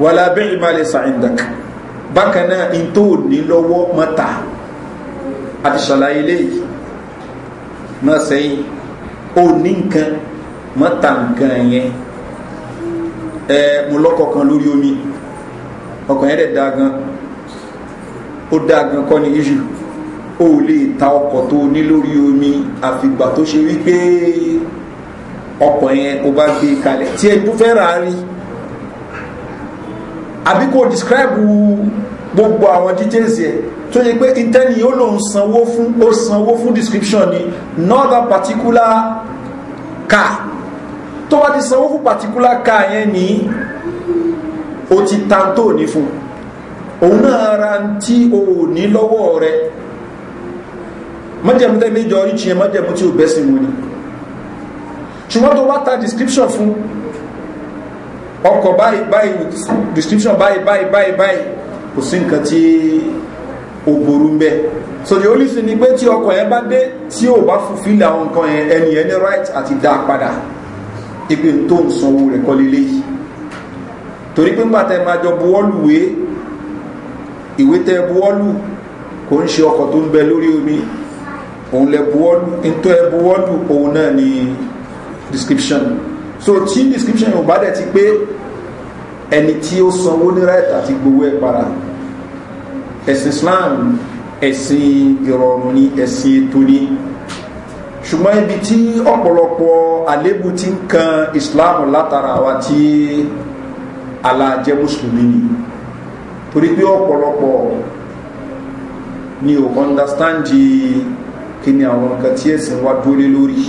wà lábẹ́ ìmàlẹ̀ sàìndàk bákan náà tó ní lọ́wọ́ mọ́ta àti ṣàlàyé léyìí má sẹ́yìn ó ní nǹkan má ta nǹkan yẹn ẹ mo lọ́kọ̀ kan lórí omi ọkàn yẹn dẹ̀ da gan ó da gan kọ́ ni iṣu ó lè ta ọkọ̀ tó ní lórí omi àfìgbà tó ṣe wípé ọkọ̀ yẹn ó bá gbé kalẹ̀ tí ẹni tó fẹ́ rà rí àbí kò describe gbogbo àwọn details yẹ tó yẹ pé intanet ó lòun sanwó fún ó sanwó fún description ni not a particular car tó bá ti sanwó fún particular car yẹn ni ó ti ta tó ní fún òun náà ra tí o ò ní lọ́wọ́ rẹ mọ́jẹ̀mú tẹ́lẹ̀ méjọ oríṣi yẹn mọ́jẹ̀mú tí ò bẹ́ sí mu ni ṣùgbọ́n tó bá ta description fún ọkọ̀ báyìí báyìí description báyìí báyìí báyìí báyìí kò sí nǹkan tí ó ború ń bẹ́ so the only thing ni pé tí ọkọ̀ yẹn bá dé tí ò bá fulfill àwọn nǹkan yẹn ẹni yẹn right àti dá padà ìpín tó ń sanwó rẹ̀ kọ́ lélẹ́ yìí torí pé ńgbà tẹ máa jọ buwọ́lù ìwé tẹ buwọ́lù kò ń ṣe ọkọ̀ tó ń bẹ lórí omi òun lẹ buwọ́lù ntọ́ ẹ buwọ́lù òun náà ni description so tí description yóò bá dẹ̀ ti pé ẹni tí ó sanwó ní right àti gbowó ẹ̀ padà ẹ̀sìn islam ẹ̀sìn ìrọ̀rùn ni ẹ̀sìn ètò ni ṣùgbọ́n ibi tí ọ̀pọ̀lọpọ̀ àlébù ti ń kan islam látara wa tí alájẹ́ mùsùlùmí ni torí pé ọ̀pọ̀lọpọ̀ ni ò understandi kí ni àwọn nǹkan tí ẹ̀sìn wa dúró lórí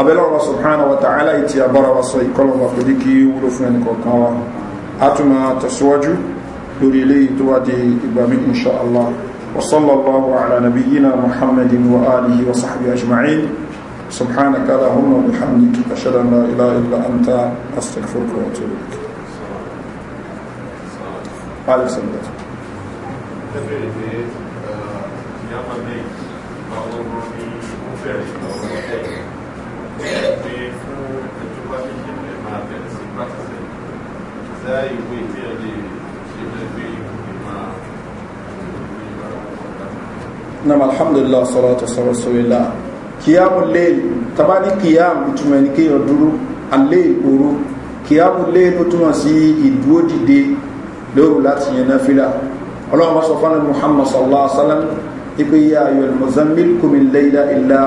abẹ́lọ́wọ́ subhanahu wa ta'ala ìtì àbára wa sọ ìkọlọ̀ wà pẹ̀lú kí wúlò fún ẹnìkọ̀ọ̀kan wa a tún máa tẹ̀síwájú يريلي تواتي إبامي إن شاء الله وصلى الله على نبينا محمد وآله وصحبه أجمعين سبحانك اللهم وبحمدك أشهد أن لا إله إلا أنت أستغفرك وأتوب إليك. عليك السلام. nam alhamdulilah salatu sarasulila kiyamu leil tabani kiyam ìtumọ̀ ẹni kéèyàn dúró alẹ́ ìkóró kìyàmù léèlú túnmọ̀ sí ìdúó dìde lóòrù láti yẹn náà fílà ọlọ́run bá sọ fánà muhammad sallallahu alaihi wasallam ipe ya ayọ̀ mozambil kumi leila illa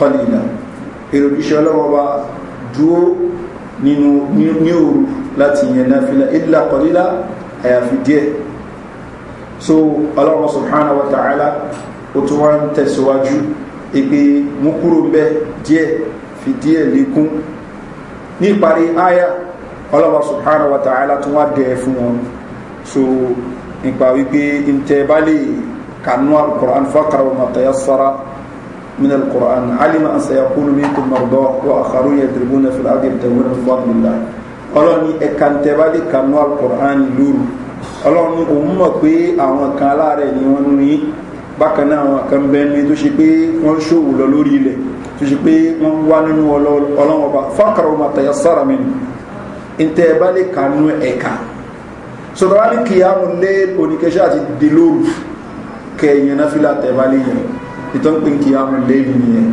qalila èrò iṣẹ́ ọlọ́run bá dúó nínú ní òru láti yẹn náà illa qalila àyàfi díẹ̀ so ọlọ́run subhanahu wa ta'ala ó tún wá ń tẹ̀síwájú ìpè mú kúrò ń bẹ díẹ̀ fi díẹ̀ lékún ní ìparí àyà ọlọ́wà subhanahu wa ta'ala tún wá dẹ̀ fún wọn so nípa wípé ntẹ́ bá lè kànú alukur'an faqra'u ma tayassara من القرآن علم أن سيكون منكم مرضى وآخرون يضربون في الأرض يبتغون من فضل الله ọlọ́ni ẹ̀ka ntẹ́bálẹ̀ kanú alukur'an lóru ọlọ́ni òun mọ̀ pé àwọn kan aláàrẹ̀ ni wọ́n ní bákan náà àwọn kan bẹ́ẹ̀ mi tó ṣe pé wọ́n ṣòwò lọ lórí ilẹ̀ tó ṣe pé wọ́n wá nínú ọlọ́wọ́n ọba fákàrọ̀ ọmọ àtàyà sára mi ni ntẹ́ ẹ bá lè kà nú ẹ̀ka sọ̀rọ̀ wá ní kìyàmù lé oníkẹ́ṣẹ́ àti dìlóòrù kẹ̀yìn náà fi látẹ̀ bá lè yẹn ìtọ́ ń pè kìyàmù lé nìyẹn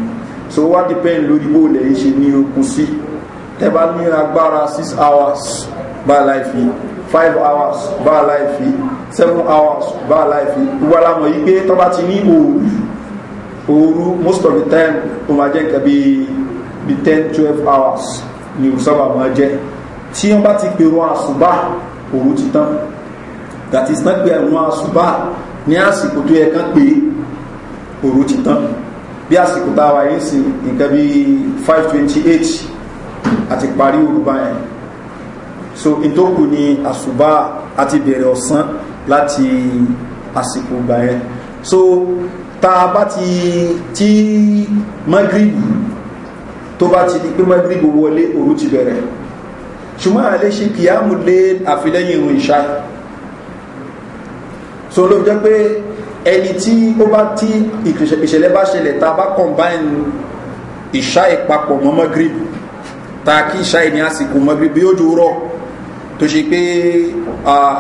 so wá dìpẹ́ǹ lórí bó lẹ̀ ń ṣe ní okun sí tẹ́ bá ní agbára six hours bá láì fi five hours bá a seven hours bá a láì fi wà lámọ̀ yí pé tọ́ bá ti ní òru òru most of the time ó máa jẹ́ nǹkan bíi bíi ten twelve hours ni òru sábà máa jẹ́ tí wọ́n bá ti pè wọn àsùbá òru ti tán that is not pé àwọn àsùbá ní àsìkò tó yẹ kán pé òru ti tán bí àsìkò tá a wà yìí sí nǹkan bíi five twenty eight àti parí òru báyìí so ìtòkù ni àṣùbà àti bẹ̀rẹ̀ ọ̀sán láti àsìkò gbà yẹn so tá a bá ti tí magribu tó bá ti di pé magribu wọlé òru ti bẹ̀rẹ̀ ṣùgbọ́n àlẹ́ ṣe kìyàmù lé àfilẹ́yìn ìrun ìṣá so ló jẹ́ pé ẹni tí ó bá tí ìṣẹ̀lẹ̀ bá ṣẹlẹ̀ tá a bá combine ìṣá ìpapọ̀ mọ́ magribu tá kí ìṣá ìní àsìkò magribu yóò jù rọ̀ tó ṣe pé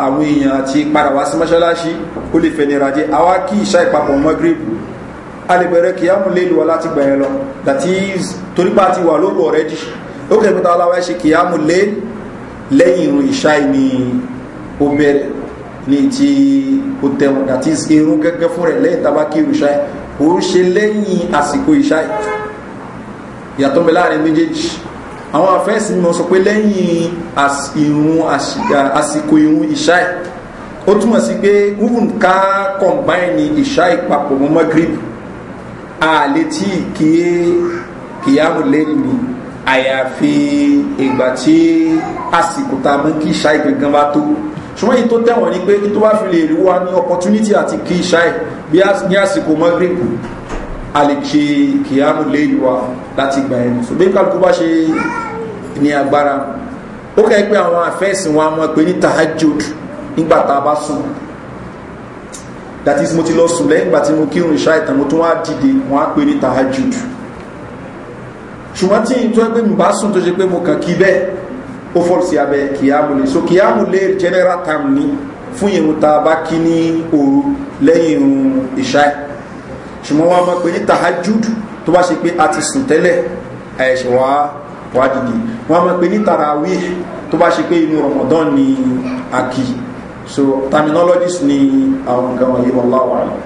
àwọn èèyàn àti padà wá sí mọ́ṣáláṣí ó lè fẹ́ nira jẹ́ àwa kí ìṣá ìpapọ̀ mọ́gírèbù a lè bẹ̀rẹ̀ kí á mú lélu wa láti gbẹ̀yẹn lọ that is torípa ti wà lóru ọ̀rẹ́dì ó kẹ́ pẹ́ta aláwa ṣe kí á mú lé lẹ́yìn irun ìṣá ni ó bẹ̀rẹ̀ ní ti ó tẹ̀wọ̀n that is irun gẹ́gẹ́ fún rẹ̀ lẹ́yìn tàbá kí irun ìṣá ò ń ṣe lẹ́yìn àsìkò ìṣá yàtọ̀ mi láàrin méjèèjì àwọn àfẹ́sì mọ̀ sọ pé lẹ́yìn ìrun àsìkò ìrun ìṣáì ó túmọ̀ sí pé wúvùn ká kọ̀m̀báìnì ìṣáì papọ̀ mọ́ magrib àlè tí kì í kìyàmù lẹ́yìn mi àyàfi ìgbà tí àsìkò tá mú kí ìṣáì gangan bá tó ṣùgbọ́n yìí tó tẹ̀wọ̀n ni pé kí tó bá fi lè rí wa ní opportunity àti kí ìṣáì bí ní àsìkò magrib a lè ṣe kìyàmù léyìn wa láti gbà ẹni so bí kálukú bá ṣe ní agbára ó kẹ́ pé àwọn àfẹ́sìn wọn a mọ̀ pé ní tahajud nígbà tá a bá sùn that is mo ti lọ sùn lẹ́yìn ìgbà tí mo kírun ìṣá ìtàn mo tún wá dìde wọn á pè ní tahajud ṣùgbọ́n tí n tó ẹgbẹ́ mi bá sùn tó ṣe pé mo kàn kí bẹ́ẹ̀ ó fọ́ sí abẹ kìyàmùlé so kìyàmùlé general term ni fún ìrun tá a bá kí ní òru lẹ́yìn ìrun ìṣá ìtàn ṣùgbọ́n wọ́n mọ̀ pé ní tahajud tó bá ṣe pé a ti sùn tẹ́lẹ̀ ẹ̀ṣẹ̀ wá wá dìde wọ́n mọ̀ pé ní tarawih tó bá ṣe pé inú Ramadan ni a kì so terminologies ni àwọn nǹkan wọ̀nyí wallahu a'lam.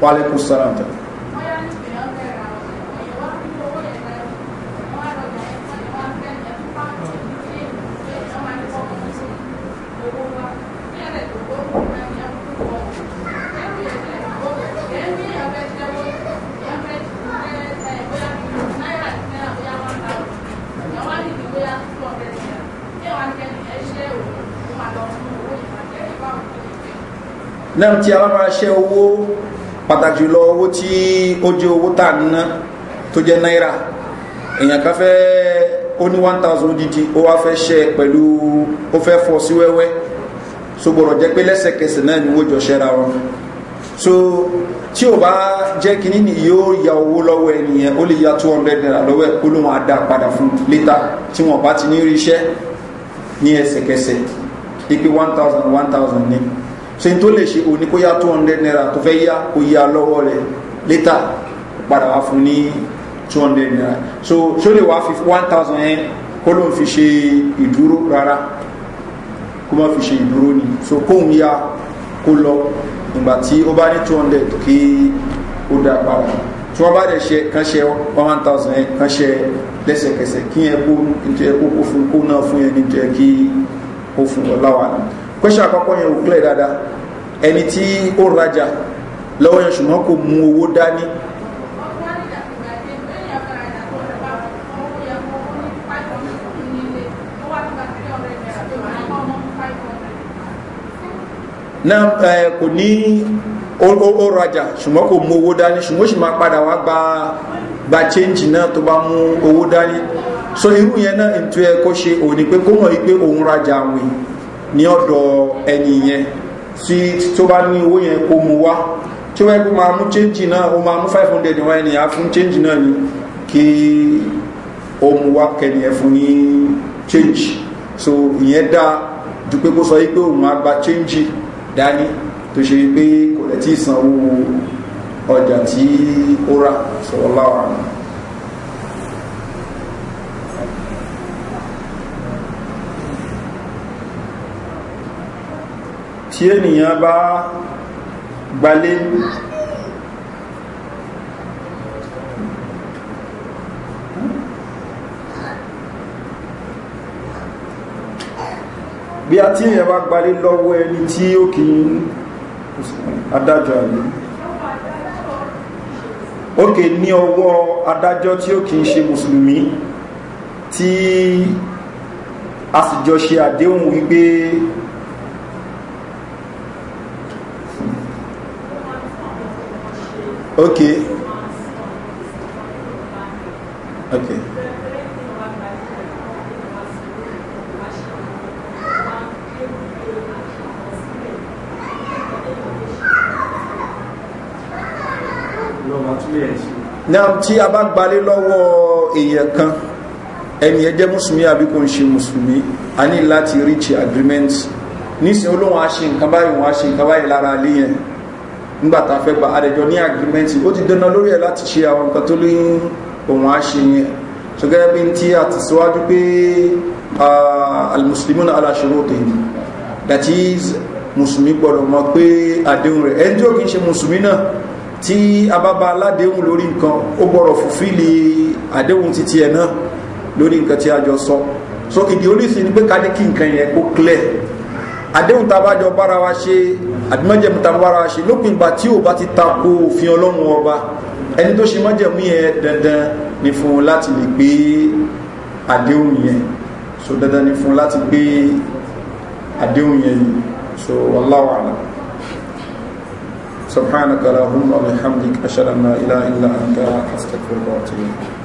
wa alaikum salaam náà tí a bá máa ṣe owó pàtàkì jùlọ owó tí ó jẹ́ owó tà níná tó jẹ́ náírà èèyàn kan fẹ́ ó ní one thousand odidi ó wá fẹ́ ṣe pẹ̀lú ó fẹ́ fọ́ sí wẹ́wẹ́ so gbọ́dọ̀ jẹ́ pé lẹ́sẹ̀kẹsẹ̀ náà ni wọ́n jọ ṣẹ́ra wọn so tí o bá jẹ́ kínní ni yóò ya owó lọ́wọ́ ẹnìyẹn ó lè ya two hundred naira lọ́wọ́ ẹ̀ kó ló wọn á dá padà fún létà tí wọn bá ti ní rí ní ẹsẹ̀kẹsẹ̀ ipe one thousand one thousand ni ṣe tó lè ṣe òní kó yá two hundred naira tó fẹ́ yá kó yá lọ́wọ́ rẹ̀ létà padà wá fún two hundred naira so ṣó lè wá fi one thousand yẹn kó fi ṣe ìdúró rárá kó fi ṣe ìdúró ni so kóun yá kó lọ ìgbà tí ó bá ní two hundred kí ó dá padà tí wọ́n bá dẹ̀ ṣe kan ṣe one thousand kan ṣe lẹ́sẹ̀kẹsẹ̀ kí yẹn kó nítorí kó fún kó náà fún yẹn nítorí kí ó fún ọláwà náà kwẹ́ṣà àkọ́kọ́ yẹn ò clear dada, ẹni tí ó rajà lọ́wọ́ yẹn ṣùgbọ́n kò mú owó dání náà ẹ kò ní ó rajà ṣùgbọ́n kò mú owó dání ṣùgbọ́n ó sì padà wá gba gba change náà tó bá mú owó dání so irú yẹn náà ètò ẹ kó ṣe òní pé kó mọ̀ wípé òun rajà àwìn ní ọ̀dọ̀ ẹni yẹn tí tó bá ní owó yẹn kó mu wá tí wọ́n kó máa mú change náà ó máa mú five hundred wá ẹni yẹn fún change náà ni kí ó mu wá kẹ́ni ẹ̀ fún ní change so ìyẹn dá ju pé kó sọ yí pé òun máa gba change dání tó ṣe pé kò lẹ́tí ìsanwó ọjà tí ó rà sọ̀rọ̀ láwọn tí ènìyàn bá gbalé bí a tí èyàn bá gbalé lọ́wọ́ ẹni tí ó kì í adájọ́ àmì ókè ní ọwọ́ adájọ́ tí ó kì í ṣe mùsùlùmí tí a sì jọ ṣe àdéhùn wípé okay okay náà tí a bá gbalé lọ́wọ́ èèyàn kan ẹni ẹ jẹ́ mùsùlùmí àbí kò ń ṣe mùsùlùmí a ní láti reach agreement nísìnyí olóhùn a ṣe nǹkan báyìí òun a ṣe nǹkan báyìí lára alẹ́ yẹn nígbà tá a fẹ́ gba àdẹjọ ní agirimẹ́ntì ó ti dandan lórí ẹ̀ láti ṣe àwọn nǹkan tó lé òun á ṣe yẹn ṣùgbọ́n bí tí a ti síwájú pé almuslimuna ala shurutihim that is musulmi gbọ́dọ̀ mọ̀ pé àdéhùn rẹ̀ ẹni tí ó kì í ṣe musulmi náà tí a bá ba aládéhùn lórí nǹkan ó gbọ́dọ̀ fùfílì àdéhùn títí ẹ̀ náà lórí nǹkan tí a jọ sọ so ìdí oríṣi ni pé ká kí nǹkan yẹn kó clear àdéhùn tá a bá jọ bára wa ṣe àbí májẹ̀mú ta bára ṣe lópin ìgbà tí ò bá ti tako òfin ọlọ́run ọba ẹni tó ṣe májẹ̀mú yẹn dandan ni fún un láti lè gbé àdéhùn yẹn so dandan ni fún un láti gbé àdéhùn yẹn yìí so wallahu a'lam subhanaka allahumma wa bihamdika ashhadu an la ilaha illa anta astaghfiruka wa